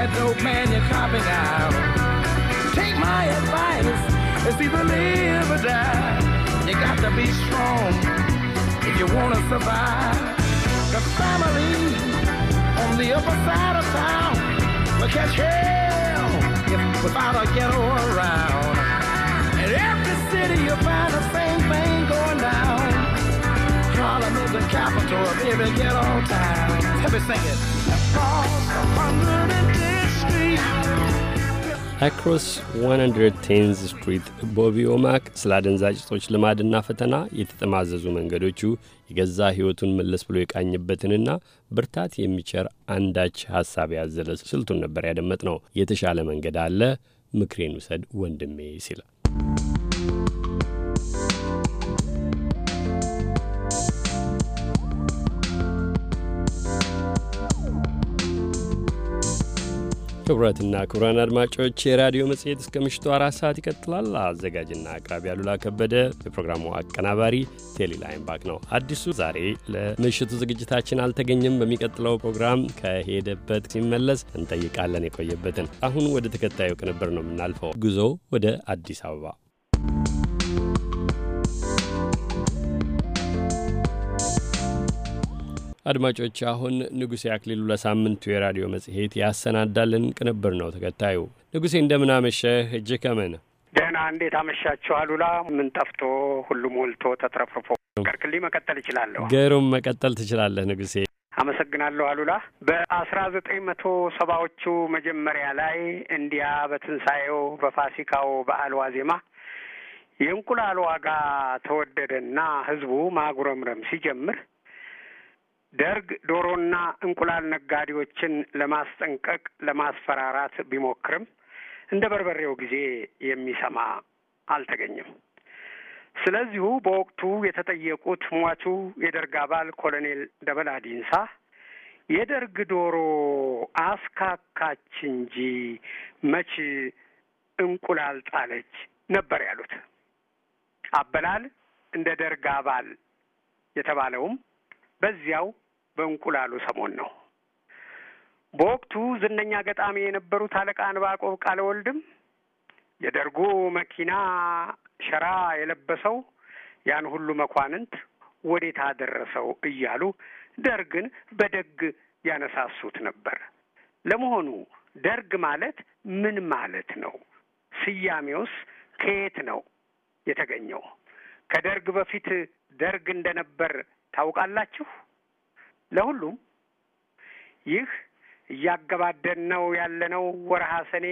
that dope man you're copping out. Take my advice, it's either live or die. You got to be strong if you want to survive. The family on the upper side of town will catch hell if without a ghetto around. In every city you'll find the same thing going down. Harlem is the capital of every ghetto town. Let me sing it. a hundred አክሮስ 110 ስትሪት ቦቢ ኦማክ ስለ አደንዛዥ እጾች ልማድና ፈተና የተጠማዘዙ መንገዶቹ የገዛ ሕይወቱን መለስ ብሎ የቃኝበትንና ብርታት የሚቸር አንዳች ሐሳብ ያዘለ ስልቱን ነበር ያደመጥ ነው። የተሻለ መንገድ አለ፣ ምክሬን ውሰድ ወንድሜ ሲል ክቡራትና ክቡራን አድማጮች የራዲዮ መጽሔት እስከ ምሽቱ አራት ሰዓት ይቀጥላል። አዘጋጅና አቅራቢ አሉላ ከበደ፣ የፕሮግራሙ አቀናባሪ ቴሌ ባክ ነው። አዲሱ ዛሬ ለምሽቱ ዝግጅታችን አልተገኘም። በሚቀጥለው ፕሮግራም ከሄደበት ሲመለስ እንጠይቃለን የቆየበትን። አሁን ወደ ተከታዩ ቅንብር ነው የምናልፈው፣ ጉዞ ወደ አዲስ አበባ አድማጮች አሁን ንጉሴ አክሊሉ ለሳምንቱ የራዲዮ መጽሔት ያሰናዳልን ቅንብር ነው ተከታዩ። ንጉሴ እንደምን አመሸህ? እጅ ከምን ደህና፣ እንዴት አመሻችሁ አሉላ? ምን ጠፍቶ ሁሉም ሞልቶ ተትረፍርፎ ከርክልኝ መቀጠል እችላለሁ። ገሩም መቀጠል ትችላለህ ንጉሴ። አመሰግናለሁ አሉላ። በአስራ ዘጠኝ መቶ ሰባዎቹ መጀመሪያ ላይ እንዲያ በትንሣኤው በፋሲካው በዓል ዋዜማ የእንቁላል ዋጋ ተወደደና ህዝቡ ማጉረምረም ሲጀምር ደርግ ዶሮና እንቁላል ነጋዴዎችን ለማስጠንቀቅ ለማስፈራራት ቢሞክርም እንደ በርበሬው ጊዜ የሚሰማ አልተገኘም። ስለዚሁ በወቅቱ የተጠየቁት ሟቹ የደርግ አባል ኮሎኔል ደበላ ዲንሳ የደርግ ዶሮ አስካካች እንጂ መች እንቁላል ጣለች ነበር ያሉት። አበላል እንደ ደርግ አባል የተባለውም በዚያው በእንቁላሉ ሰሞን ነው። በወቅቱ ዝነኛ ገጣሚ የነበሩት አለቃ እንባቆብ ቃለ ወልድም የደርጉ መኪና ሸራ የለበሰው ያን ሁሉ መኳንንት ወዴት አደረሰው እያሉ ደርግን በደግ ያነሳሱት ነበር። ለመሆኑ ደርግ ማለት ምን ማለት ነው? ስያሜውስ ከየት ነው የተገኘው? ከደርግ በፊት ደርግ እንደነበር ታውቃላችሁ? ለሁሉም ይህ እያገባደን ነው ያለነው ወርሃ ሰኔ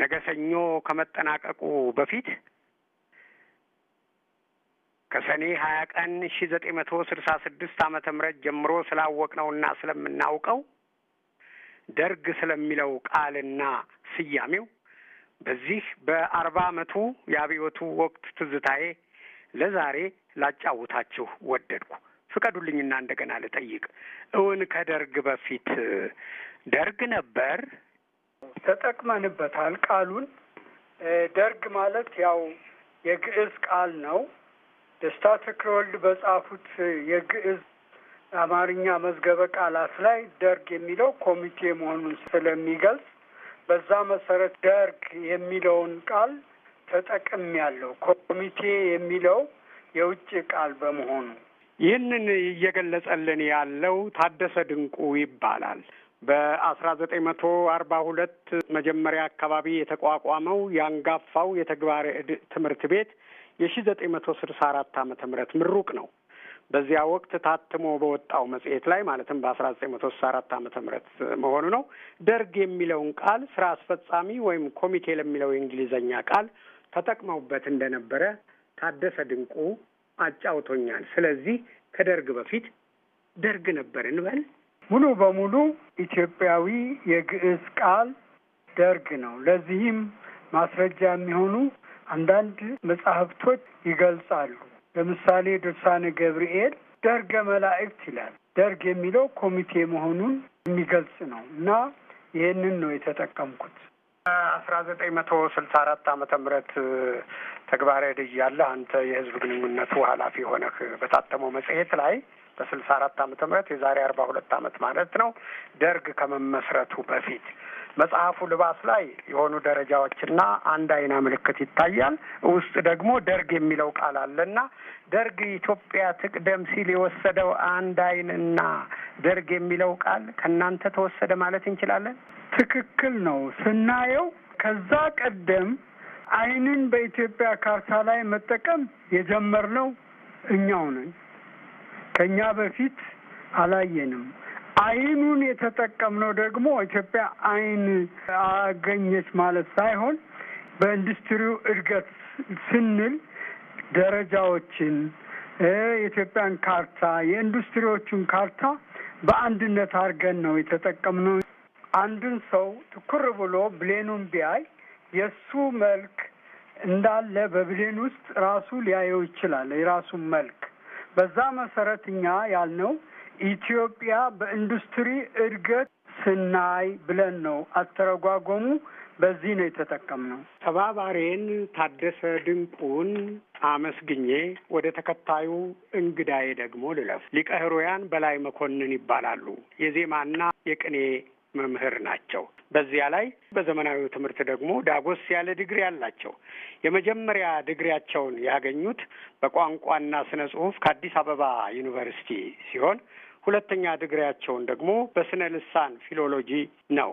ነገ ሰኞ ከመጠናቀቁ በፊት ከሰኔ ሀያ ቀን ሺ ዘጠኝ መቶ ስልሳ ስድስት ዓመተ ምህረት ጀምሮ ስላወቅነውና ስለምናውቀው ደርግ ስለሚለው ቃልና ስያሜው በዚህ በአርባ ዓመቱ የአብዮቱ ወቅት ትዝታዬ ለዛሬ ላጫውታችሁ ወደድኩ። ፍቀዱልኝና እንደገና ልጠይቅ። እውን ከደርግ በፊት ደርግ ነበር? ተጠቅመንበታል ቃሉን። ደርግ ማለት ያው የግዕዝ ቃል ነው። ደስታ ተክለወልድ በጻፉት የግዕዝ አማርኛ መዝገበ ቃላት ላይ ደርግ የሚለው ኮሚቴ መሆኑን ስለሚገልጽ በዛ መሰረት ደርግ የሚለውን ቃል ተጠቅም ያለው ኮሚቴ የሚለው የውጭ ቃል በመሆኑ ይህንን እየገለጸልን ያለው ታደሰ ድንቁ ይባላል። በአስራ ዘጠኝ መቶ አርባ ሁለት መጀመሪያ አካባቢ የተቋቋመው የአንጋፋው የተግባር ዕድ ትምህርት ቤት የሺ ዘጠኝ መቶ ስልሳ አራት ዓመተ ምህረት ምሩቅ ነው። በዚያ ወቅት ታትሞ በወጣው መጽሔት ላይ ማለትም በአስራ ዘጠኝ መቶ ስልሳ አራት ዓመተ ምህረት መሆኑ ነው። ደርግ የሚለውን ቃል ስራ አስፈጻሚ ወይም ኮሚቴ ለሚለው የእንግሊዝኛ ቃል ተጠቅመውበት እንደነበረ ታደሰ ድንቁ አጫውቶኛል። ስለዚህ ከደርግ በፊት ደርግ ነበር እንበል። ሙሉ በሙሉ ኢትዮጵያዊ የግዕዝ ቃል ደርግ ነው። ለዚህም ማስረጃ የሚሆኑ አንዳንድ መጽሐፍቶች ይገልጻሉ። ለምሳሌ ድርሳነ ገብርኤል ደርገ መላእክት ይላል። ደርግ የሚለው ኮሚቴ መሆኑን የሚገልጽ ነው እና ይህንን ነው የተጠቀምኩት። አስራ ዘጠኝ መቶ ስልሳ አራት አመተ ምህረት ተግባራዊ ልጅ ያለ አንተ የህዝብ ግንኙነቱ ኃላፊ ሆነህ በታተመው መጽሔት ላይ በስልሳ አራት አመተ ምህረት የዛሬ አርባ ሁለት ዓመት ማለት ነው። ደርግ ከመመስረቱ በፊት መጽሐፉ ልባስ ላይ የሆኑ ደረጃዎችና አንድ አይና ምልክት ይታያል። ውስጥ ደግሞ ደርግ የሚለው ቃል አለና ደርግ ኢትዮጵያ ትቅደም ሲል የወሰደው አንድ አይንና ደርግ የሚለው ቃል ከእናንተ ተወሰደ ማለት እንችላለን። ትክክል ነው ስናየው ከዛ ቀደም አይንን በኢትዮጵያ ካርታ ላይ መጠቀም የጀመርነው እኛው ነን። ከእኛ በፊት አላየንም። አይኑን የተጠቀምነው ደግሞ ኢትዮጵያ አይን አገኘች ማለት ሳይሆን በኢንዱስትሪው እድገት ስንል ደረጃዎችን የኢትዮጵያን ካርታ የኢንዱስትሪዎቹን ካርታ በአንድነት አድርገን ነው የተጠቀምነው። አንድን ሰው ትኩር ብሎ ብሌኑን ቢያይ የእሱ መልክ እንዳለ በብሌን ውስጥ ራሱ ሊያየው ይችላል። የራሱን መልክ በዛ መሰረት እኛ ያልነው ኢትዮጵያ በኢንዱስትሪ እድገት ስናይ ብለን ነው። አተረጓጎሙ በዚህ ነው የተጠቀምነው። ተባባሬን ታደሰ ድንቁን አመስግኜ ወደ ተከታዩ እንግዳዬ ደግሞ ልለፍ። ሊቀ ሕሩያን በላይ መኮንን ይባላሉ። የዜማና የቅኔ መምህር ናቸው። በዚያ ላይ በዘመናዊ ትምህርት ደግሞ ዳጎስ ያለ ዲግሪ አላቸው። የመጀመሪያ ዲግሪያቸውን ያገኙት በቋንቋና ስነ ጽሁፍ ከአዲስ አበባ ዩኒቨርሲቲ ሲሆን ሁለተኛ ዲግሪያቸውን ደግሞ በስነ ልሳን ፊሎሎጂ ነው።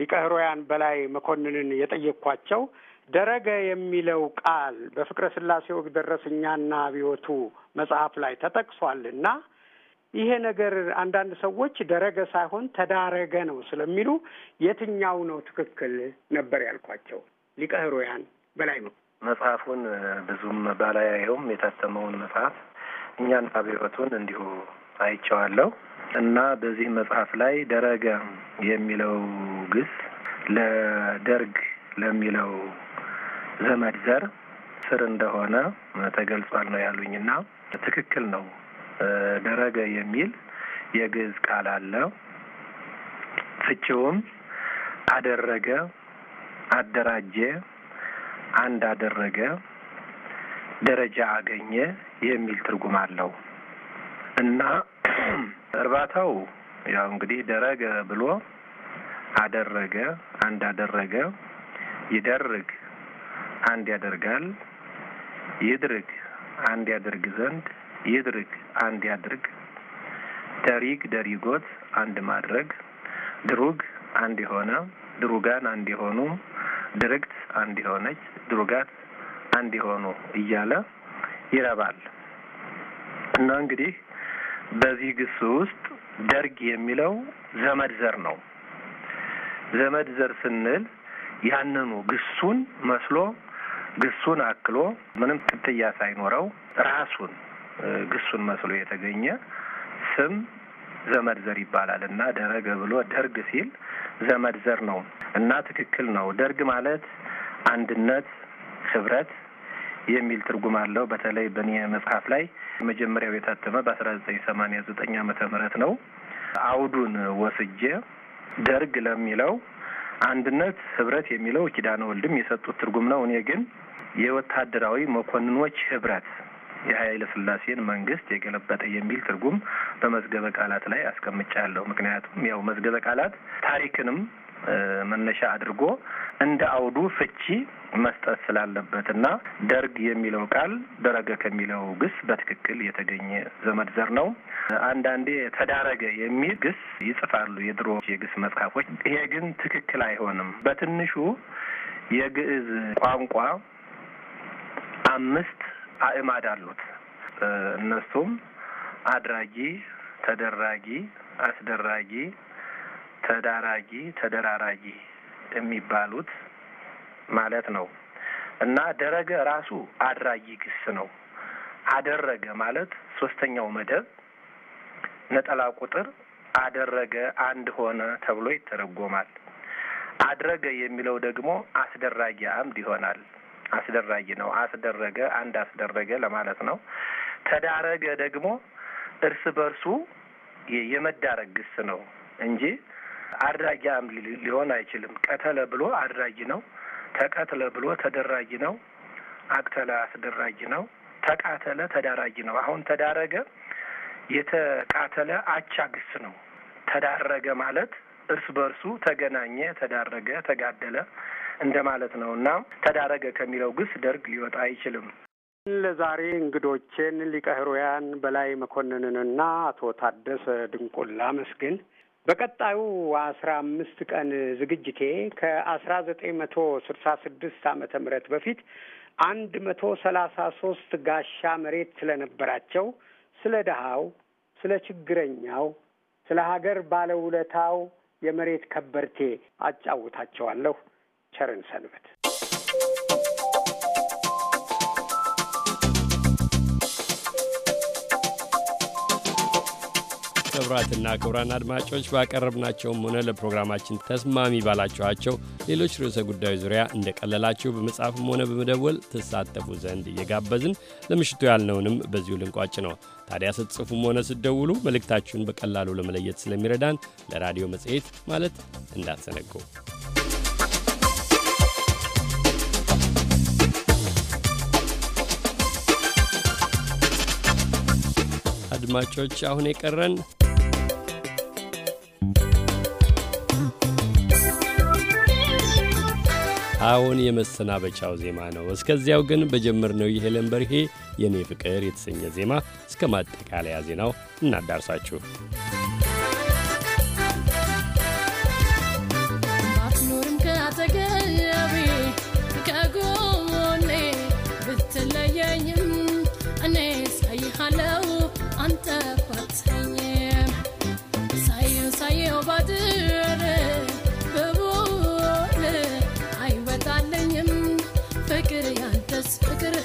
ሊቀ ሕሩያን በላይ መኮንንን የጠየቅኳቸው ደረገ የሚለው ቃል በፍቅረ ሥላሴ ወግደረስኛና አብዮቱ መጽሐፍ ላይ ተጠቅሷልና ይሄ ነገር አንዳንድ ሰዎች ደረገ ሳይሆን ተዳረገ ነው ስለሚሉ የትኛው ነው ትክክል ነበር ያልኳቸው ሊቀ ሕሩያን በላይ ነው። መጽሐፉን ብዙም ባላያየውም የታተመውን መጽሐፍ እኛና ብሔወቱን እንዲሁ አይቸዋለሁ እና በዚህ መጽሐፍ ላይ ደረገ የሚለው ግስ ለደርግ ለሚለው ዘመድ ዘር ስር እንደሆነ ተገልጿል ነው ያሉኝና ትክክል ነው ደረገ የሚል የግዕዝ ቃል አለ። ፍቺውም አደረገ፣ አደራጀ፣ አንድ አደረገ፣ ደረጃ አገኘ የሚል ትርጉም አለው እና እርባታው ያው እንግዲህ ደረገ ብሎ አደረገ፣ አንድ አደረገ፣ ይደርግ፣ አንድ ያደርጋል፣ ይድርግ፣ አንድ ያደርግ ዘንድ ይድርግ አንድ ያድርግ፣ ደሪግ ደሪጎት አንድ ማድረግ፣ ድሩግ አንድ የሆነ ድሩጋን አንድ የሆኑ ድርግት አንድ የሆነች ድሩጋት አንድ የሆኑ እያለ ይረባል እና እንግዲህ በዚህ ግስ ውስጥ ደርግ የሚለው ዘመድ ዘር ነው። ዘመድ ዘር ስንል ያንኑ ግሱን መስሎ ግሱን አክሎ ምንም ቅጥያ ሳይኖረው ራሱን ግሱን መስሎ የተገኘ ስም ዘመድ ዘር ይባላል እና ደረገ ብሎ ደርግ ሲል ዘመድ ዘር ነው እና ትክክል ነው። ደርግ ማለት አንድነት፣ ህብረት የሚል ትርጉም አለው። በተለይ በኔ መጽሐፍ ላይ መጀመሪያው የታተመ በአስራ ዘጠኝ ሰማንያ ዘጠኝ ዓመተ ምህረት ነው። አውዱን ወስጄ ደርግ ለሚለው አንድነት፣ ህብረት የሚለው ኪዳነ ወልድም የሰጡት ትርጉም ነው። እኔ ግን የወታደራዊ መኮንኖች ህብረት የኃይለ ስላሴን መንግስት የገለበጠ የሚል ትርጉም በመዝገበ ቃላት ላይ አስቀምጫለሁ። ምክንያቱም ያው መዝገበ ቃላት ታሪክንም መነሻ አድርጎ እንደ አውዱ ፍቺ መስጠት ስላለበት እና ደርግ የሚለው ቃል ደረገ ከሚለው ግስ በትክክል የተገኘ ዘመድ ዘር ነው። አንዳንዴ ተዳረገ የሚል ግስ ይጽፋሉ የድሮ የግስ መጽሐፎች። ይሄ ግን ትክክል አይሆንም። በትንሹ የግዕዝ ቋንቋ አምስት አእማድ አሉት። እነሱም አድራጊ፣ ተደራጊ፣ አስደራጊ፣ ተዳራጊ፣ ተደራራጊ የሚባሉት ማለት ነው እና ደረገ ራሱ አድራጊ ግስ ነው። አደረገ ማለት ሶስተኛው መደብ ነጠላ ቁጥር አደረገ አንድ ሆነ ተብሎ ይተረጎማል። አድረገ የሚለው ደግሞ አስደራጊ አምድ ይሆናል። አስደራጊ ነው። አስደረገ አንድ አስደረገ ለማለት ነው። ተዳረገ ደግሞ እርስ በርሱ የመዳረግ ግስ ነው እንጂ አድራጊ ሊሆን አይችልም። ቀተለ ብሎ አድራጊ ነው። ተቀትለ ብሎ ተደራጊ ነው። አቅተለ አስደራጊ ነው። ተቃተለ ተዳራጊ ነው። አሁን ተዳረገ የተቃተለ አቻ ግስ ነው። ተዳረገ ማለት እርስ በርሱ ተገናኘ፣ ተዳረገ፣ ተጋደለ እንደማለት ነው እና ተዳረገ ከሚለው ግስ ደርግ ሊወጣ አይችልም። ለዛሬ እንግዶቼን ሊቀ ሕሩያን በላይ መኮንንንና አቶ ታደሰ ድንቁን ላመስግን። በቀጣዩ አስራ አምስት ቀን ዝግጅቴ ከአስራ ዘጠኝ መቶ ስልሳ ስድስት ዓመተ ምህረት በፊት አንድ መቶ ሰላሳ ሶስት ጋሻ መሬት ስለነበራቸው ስለ ድሃው፣ ስለ ችግረኛው፣ ስለ ሀገር ባለውለታው የመሬት ከበርቴ አጫውታቸዋለሁ። ቸርን ሰንበት። ክቡራትና ክቡራን አድማጮች ባቀረብናቸውም ሆነ ለፕሮግራማችን ተስማሚ ባላችኋቸው ሌሎች ርዕሰ ጉዳዮች ዙሪያ እንደቀለላችሁ በመጻፍም ሆነ በመደወል ትሳተፉ ዘንድ እየጋበዝን ለምሽቱ ያልነውንም በዚሁ ልንቋጭ ነው። ታዲያ ስትጽፉም ሆነ ስትደውሉ መልእክታችሁን በቀላሉ ለመለየት ስለሚረዳን ለራዲዮ መጽሔት ማለት እንዳትዘነጉ። አድማጮች አሁን የቀረን አሁን የመሰናበቻው ዜማ ነው። እስከዚያው ግን በጀመርነው የሄለን በርሄ የእኔ ፍቅር የተሰኘ ዜማ እስከ ማጠቃለያ ዜናው እናዳርሳችሁ። ባድር በቦር አይወጣለኝም ፍቅር ያንተስ ፍቅር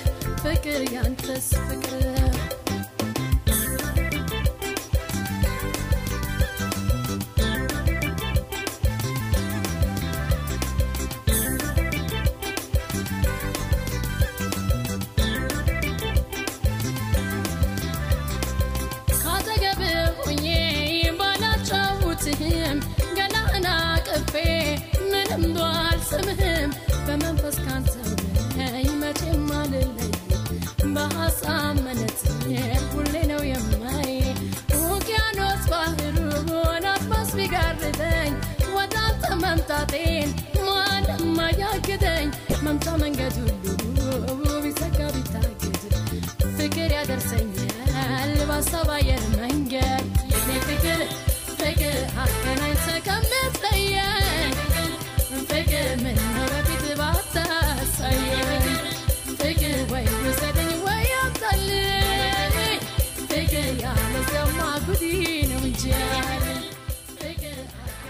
ፍቅር ያንተስ ፍቅር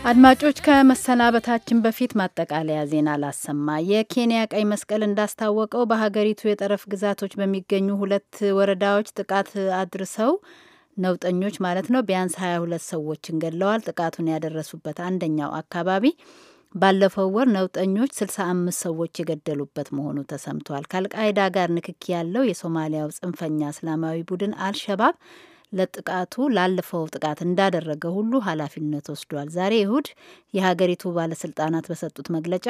አድማጮች ከመሰናበታችን በፊት ማጠቃለያ ዜና ላሰማ። የኬንያ ቀይ መስቀል እንዳስታወቀው በሀገሪቱ የጠረፍ ግዛቶች በሚገኙ ሁለት ወረዳዎች ጥቃት አድርሰው ነውጠኞች ማለት ነው ቢያንስ 22 ሰዎችን ገድለዋል። ጥቃቱን ያደረሱበት አንደኛው አካባቢ ባለፈው ወር ነውጠኞች 65 ሰዎች የገደሉበት መሆኑ ተሰምቷል። ከአልቃይዳ ጋር ንክኪ ያለው የሶማሊያው ጽንፈኛ እስላማዊ ቡድን አልሸባብ ለጥቃቱ ላለፈው ጥቃት እንዳደረገ ሁሉ ኃላፊነት ወስዷል። ዛሬ እሁድ የሀገሪቱ ባለስልጣናት በሰጡት መግለጫ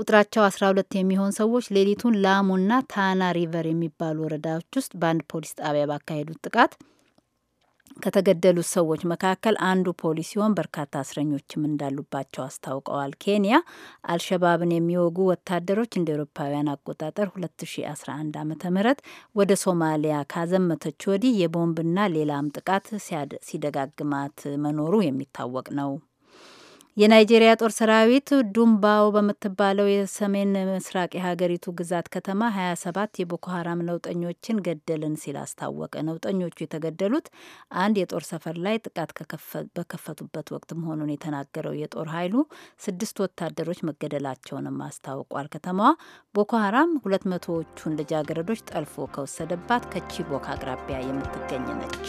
ቁጥራቸው 12 የሚሆን ሰዎች ሌሊቱን ላሙና ታና ሪቨር የሚባሉ ወረዳዎች ውስጥ በአንድ ፖሊስ ጣቢያ ባካሄዱት ጥቃት ከተገደሉት ሰዎች መካከል አንዱ ፖሊስ ሲሆን በርካታ እስረኞችም እንዳሉባቸው አስታውቀዋል። ኬንያ አልሸባብን የሚወጉ ወታደሮች እንደ ኤሮፓውያን አቆጣጠር 2011 ዓ ም ወደ ሶማሊያ ካዘመተች ወዲህ የቦምብና ሌላም ጥቃት ሲደጋግማት መኖሩ የሚታወቅ ነው። የናይጄሪያ ጦር ሰራዊት ዱምባው በምትባለው የሰሜን ምስራቅ የሀገሪቱ ግዛት ከተማ 27 የቦኮ ሀራም ነውጠኞችን ገደልን ሲል አስታወቀ። ነውጠኞቹ የተገደሉት አንድ የጦር ሰፈር ላይ ጥቃት በከፈቱበት ወቅት መሆኑን የተናገረው የጦር ኃይሉ ስድስት ወታደሮች መገደላቸውንም አስታውቋል። ከተማዋ ቦኮ ሀራም ሁለት መቶዎቹን ልጃገረዶች ጠልፎ ከወሰደባት ከቺቦክ አቅራቢያ የምትገኝ ነች።